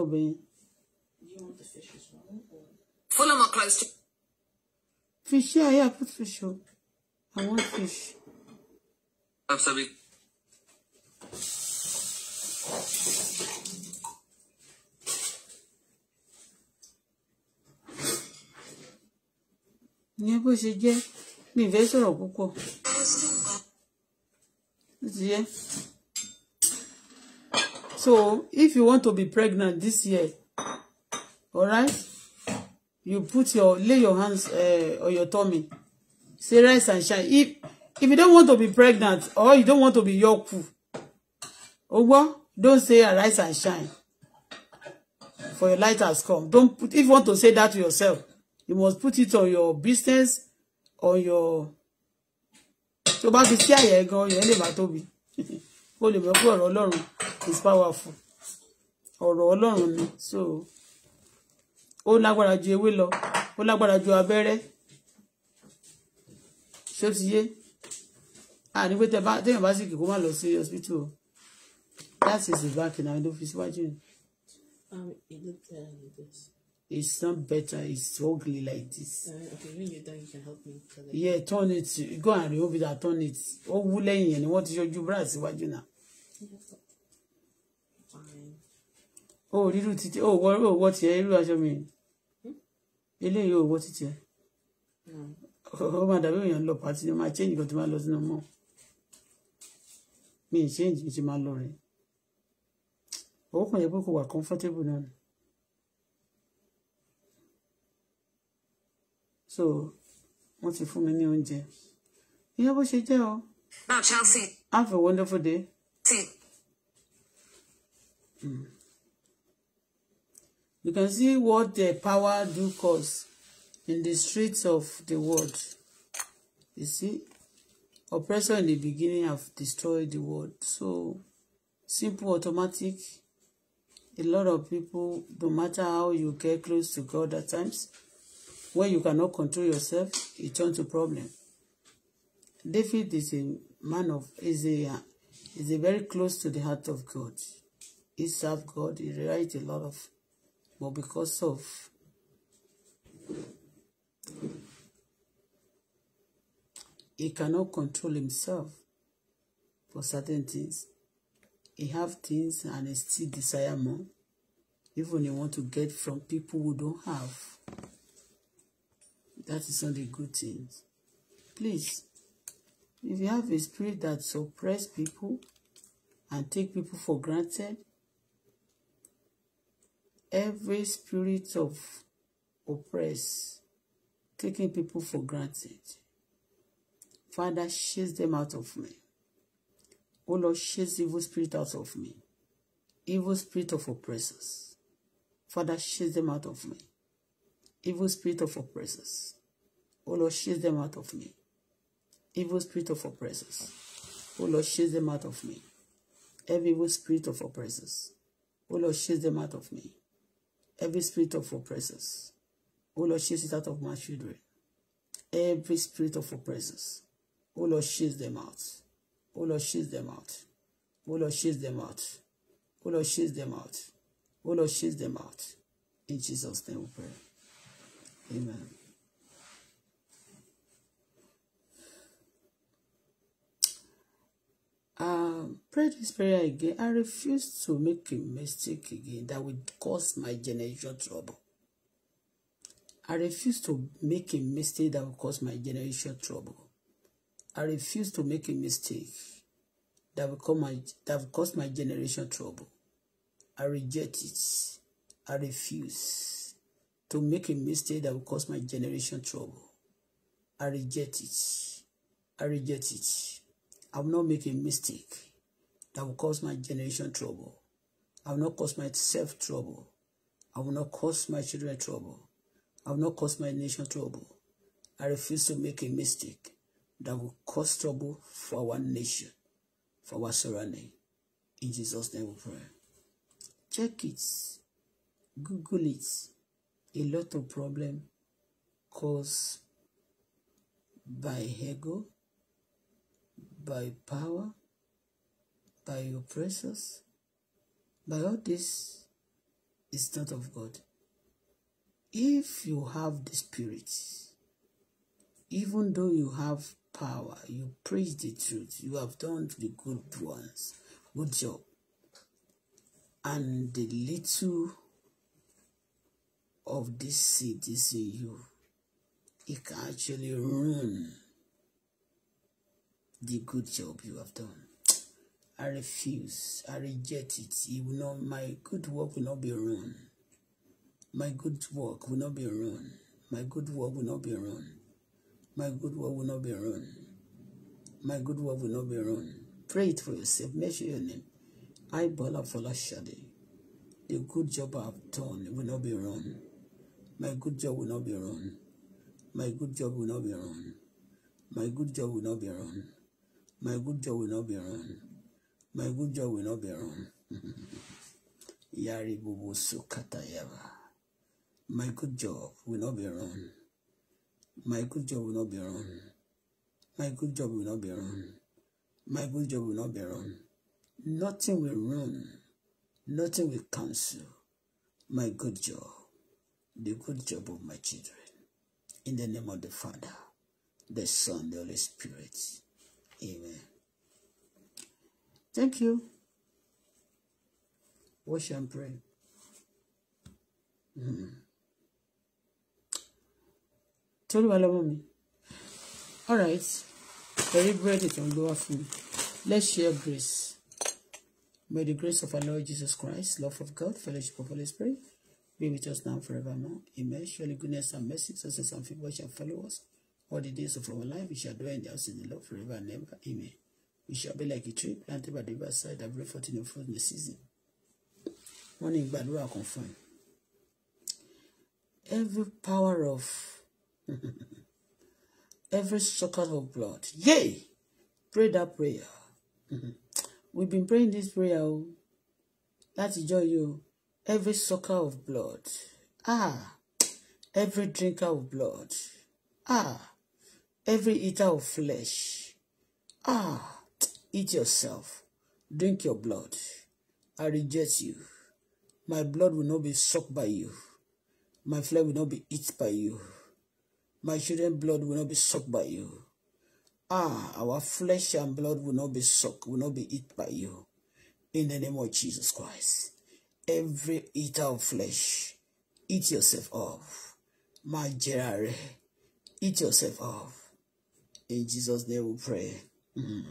ọbẹ̀ yẹn? Do you want the fish as well? Or... Follow my clothes. to... Fish, yeah, yeah, put fish up. I want fish. I'm sorry. ìyẹn bó ṣe jẹ́ mi ìfẹ́ sọ̀rọ̀ púpọ̀ so if you want to be pregnant this year alright you put your lay your hands uh, on your tummy say rise and shine if if you don't want to be pregnant or you don't want to be yọkù ogbọ don't say rise and shine for your light has come don't put if you want to say that to yourself you must put it on your business on your So bá fi sí àyà ẹ gan ọyàn lè má tóbi ó lè mọ̀ pé ọ̀rọ̀ Ọlọ́run is powerful ọ̀rọ̀ Ọlọ́run ni so ó lágbára ju ewé lọ ó lágbára ju abẹ́rẹ́ ṣé ó ti yé àní pé téèyàn bá sì kì kó má lọ sí hospital o that is the back in àwọn ìdó fi síwájú yìí. It's not better. It's ugly like this. Uh, okay, when you're done, you can help me. Yeah, turn it. Go and remove it and turn it. Ó wú lẹ́yìn ni wọ́n ti yọjú bra Oh, náà. Ó rírú títí ó wọ́ ó wọ́ tiẹ̀ irú aṣọ mi. Hmm? Eléyìí what wọ́ títí ẹ̀. Ó máa dàbí èèyàn lọ pàtí ni máa change nǹkan tó máa lọ sínú no more. Me change mi ti máa lọ Oh, Owó kan yẹ pé kò comfortable now. so wọ́n ti fún mi ní oúnjẹ ìyẹn bó ṣe jẹ́ o. now Chelsea. have a wonderful day. see. Mm. You can see what the power do cause in the streets of the world. You see, oppressor in the beginning have destroyed the world. So, simple automatic. A lot of people, no matter how you get close to God at times, when you cannot control yourself it turns to problem David is a man of is a is a very close to the heart of God he served God he write a lot of but because of he cannot control himself for certain things he have things and he still desire more even he want to get from people who don't have That is not a good thing. Please, if you have a spirit that suppress people and take people for granted, every spirit of oppress, taking people for granted, Father, chase them out of me. O oh Lord, chase evil spirit out of me. Evil spirit of oppressors. Father, chase them out of me. Evil spirit of oppressors. Oh Lord, chase them out of me. Evil spirit of oppressors. Oh Lord, chase them out of me. Every evil spirit of oppressors. Oh Lord, chase them out of me. Every spirit of oppressors. Oh Lord, chase it out of my children. Every spirit of oppressors. Oh Lord, chase them out. Oh Lord, chase them out. Oh Lord, chase them out. Oh Lord, chase them out. Oh Lord, chase them out. In Jesus' name we pray. Amen. Um, pray this prayer again. I refuse to make a mistake again that will cause my generation trouble. I refuse to make a mistake that will cause my generation trouble. I refuse to make a mistake that will, cause my, that will cause my generation trouble. I reject it. I refuse. to make a mistake that will cause my generation trouble. I reject it. I reject it. I will not make a mistake that will cause my generation trouble. I will not cause myself trouble. I will not cause my children trouble. I will not cause my nation trouble. I refuse to make a mistake that will cause trouble for our nation, for our surrounding. In Jesus' name we pray. Check it. Google it. a lot of problem caused by ego, by power, by oppressors, by all this is not of God. If you have the Spirit, even though you have power, you preach the truth, you have done the good ones, good job, and the little of this seed is in you, it can actually ruin the good job you have done. I refuse. I reject it. It will not, my good work will not be ruined. My good work will not be ruined. My good work will not be ruined. My good work will not be ruined. My good work will not be ruined. Pray it for yourself. Measure your name. I Bola Folashade. The good job I have done will not be ruined. My good job will not be run. My good job will not be run. My good job will not be run. My good job will not be run. My good job will not be run. Yari bubu sukatayaba. My good job will not be run. My good job will not be run. My good job will not be run. My good job will not be run. Nothing will run. Nothing will cancel. My good job the good job of my children. In the name of the Father, the Son, the Holy Spirit. Amen. Thank you. Wash and pray. Hmm. Tell you I me. All right. Very bread it and go me. Let's share grace. May the grace of our Lord Jesus Christ, love of God, fellowship of Holy Spirit be with us now forevermore. Amen. Surely goodness and mercy, success and favor shall follow us all the days of our life. We shall dwell in the house of the Lord forever and ever. Amen. We shall be like a tree planted by the riverside that bring forth in the season. Morning, but we are fún Every power of every socket of blood, yay! Pray that prayer. We've been praying this prayer o. Láti jọ́ yìí every sucker of blood, ah, every drinker of blood, ah, every eater of flesh, ah, eat yourself, drink your blood. I reject you. My blood will not be sucked by you. My flesh will not be eaten by you. My children's blood will not be sucked by you. Ah, our flesh and blood will not be sucked, will not be eaten by you. In the name of Jesus Christ every eater of flesh eat yourself off my jẹra eat yourself off in Jesus name we pray. Mm.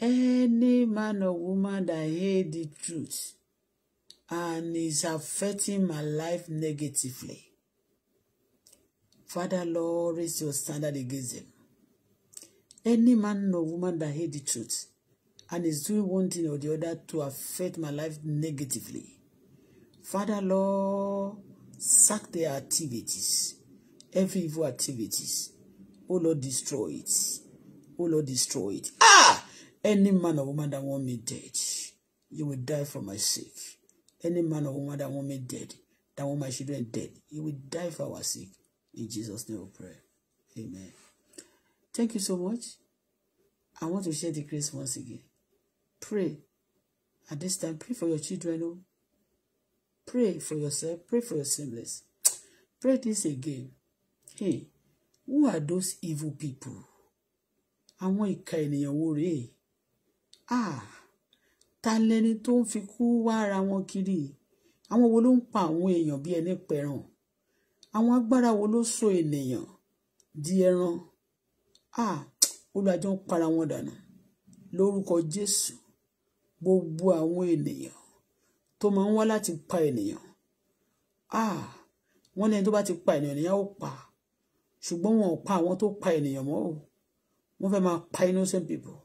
Any man or woman that hate the truth and is affecting my life negatively. Father, Lord, raise your standard against them. Any man or woman that hate the truth and is doing one thing or the other to affect my life negatively. Father Lord, sack their activities, every evil activities. Oh Lord, destroy it. Oh Lord, destroy it. Ah! Any man or woman that want me dead, you will die for my sake. Any man or woman that want me dead, that want my children dead, you will die for our sake. In Jesus' name we pray. Amen. Thank you so much. I want to share the grace once again. Pray at this time. Pray for your children. Oh. Pray for yourself. Pray for your siblings. Pray this again. Hey, who are those evil people? Àwọn ìka ènìyàn wo rèé? Ah, ta lẹni tó ń fi kú wá ara wọn kiri? Àwọn wo ló ń pa àwọn èèyàn bí ẹni pẹran? Àwọn agbára wo ló so ènìyàn di ẹran? Ah, olùdájọ́ ń para wọn dànù lórúkọ Jésù gbogbo àwọn ènìyàn tó máa ń wá láti pa ènìyàn ah wọ́n ní ẹni tó bá ti pa ènìyàn nìyẹn ó pa ṣùgbọ́n wọn ò pa àwọn tó pa ènìyàn mọ́ o wọ́n fẹ́ máa pa innocent people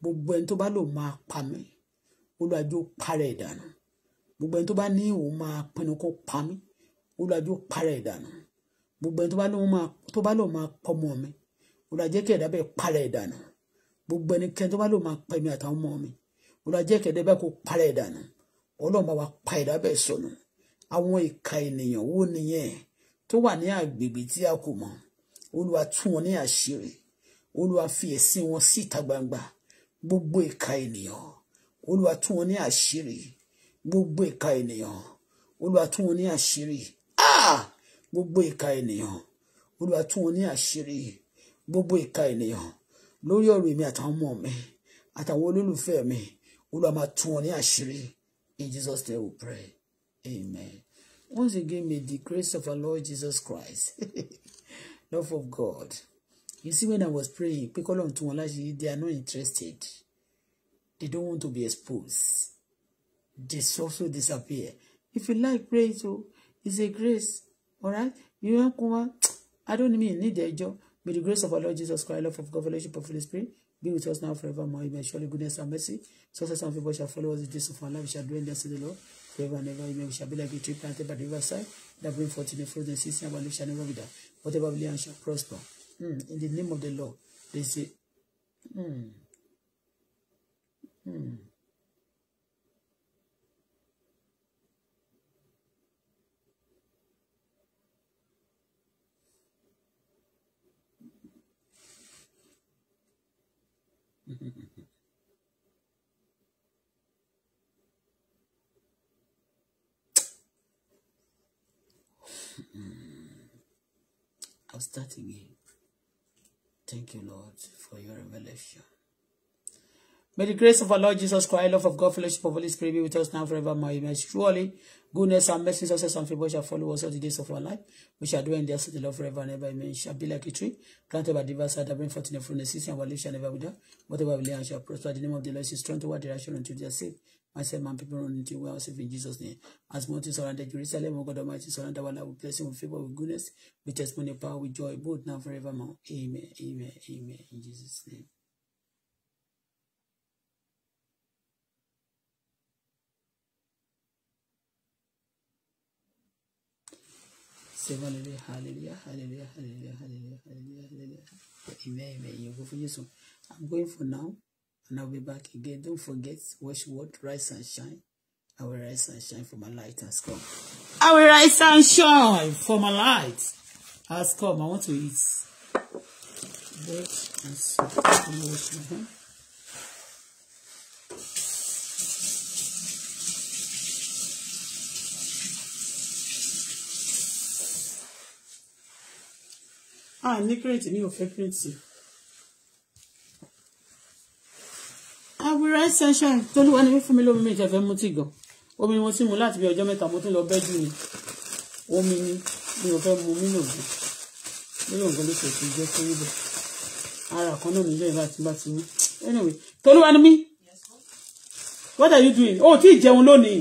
gbogbo ẹni tó bá lò máa pa mí olùwàjò parẹ́ ìdànù gbogbo ẹni tó bá ní òun máa pinnu kó pa mí olùwàjò parẹ́ ìdànù gbogbo ẹni tó bá lò máa pọmọ mi olùwàjẹ́ kí ẹ̀dá bẹ́ẹ̀ parẹ́ ìdànù gbogbo ẹnikẹ́ni tó bá lò máa pẹ̀mí àtàwọn ọmọ mi olùwàjẹ́ kẹ̀dẹ́ bẹ́ẹ̀ kó para ẹ̀ dànù ọlọ́run wa pa ẹ̀dá bẹ́ẹ̀ sọnù àwọn ìka ènìyàn wo nìyẹn tó wà ní agbègbè tí a kò mọ̀ olúwa tú wọn ní àṣírí olúwa fi ẹ̀sìn wọn síta gbangba gbogbo ìka ènìyàn olúwa tú wọn ní àṣírí gbogbo ìka ènìyàn olúwa tú wọn ní àṣírí ah! gbogbo ìka ènìyàn olúwa tú wọn ní àṣírí gbogbo ìka ènìyàn lórí ọ̀rọ̀ èmi àtàwọn ọmọ mi àtàwọn olólùfẹ́ mi olúwa máa tú wọn ní àṣírí in Jesus name we pray amen once again may the grace of our Lord Jesus Christ love of God you see when I was praying pé kọ́lọ́n tú wọn láṣìírí they are not interested they don't want to be exposed they also disappear if you like pray to it's a grace alright you wan kuma I don't mean need ẹjọ́ may the grace of our Lord Jesus Christ love of God fellowship of the Holy Spirit Be with us now forevermore. Amen. Surely goodness and mercy, success and favor shall follow us the days of our life. We shall dwell in the city of the Lord forever and ever. Amen. We shall be like a tree planted by the riverside that bring forth in the fruit and season. Our life shall never be done. Whatever we learn shall prosper. Mm. In the name of the Lord, they say, mm. Mm. I'll start again. Thank you, Lord, for your revelation. May the grace of our Lord Jesus Christ, love of God, fellowship of Holy Spirit be with us now forevermore. image. Truly, Goodness and mercy, success and favor shall follow us all the days of our life. We shall dwell in their city love forever and ever. Amen. Shall be like a tree planted by divine side that bring forth in the fruit of the season. Our life shall never wither. Whatever we lay and shall prosper. The name of the Lord is strong toward direction until they are safe. Myself, my people run into well safe in Jesus' name. As mountains surrounded Jerusalem, O God Almighty, surround our life with blessing, with favor, with goodness, with testimony, power, with joy, both now forevermore. Amen. Amen. Amen. In Jesus' name. seven hallelujah hallelujah hallelujah hallelujah hallelujah hallelujah hallelujah amen amen yẹn kò fún Jésù i'm going for now and i'll be back again don't forget watch word rise and shine i will rise and shine for my light has come i will rise and shine for my light has come i want to eat bread and soup and wash my hand. a ah, ní kírètì mi ò fẹ́ kírètì. àwòrán ṣẹṣẹ tolúwa ni fún mi lómi mi ìjẹfẹ mú ti gàn omi ni mo ti mú láti bí ọjọ́ mẹ́ta mo tún lọ bẹ́ẹ̀ jù ni omi ni mi ò fẹ́ mu mílò gan mílò gan ló ṣe ti jẹ́ fún ibẹ̀ ara kan náà nílẹ̀ láti bá ti mú anyway tolúwa ni mí what are you doing oh, tí ì jẹun lónìí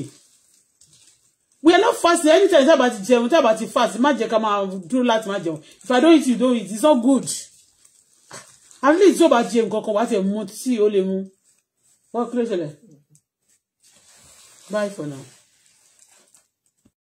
fast anytime tábà ti jẹun tábà ti fast má jẹ ká máa dúró láti má jẹun if i don't eat you don't eat it's not good at least tó bá jẹ nǹkan kan wá tẹ̀ mú tí ó lè mú wọ́n kí ló bye for now.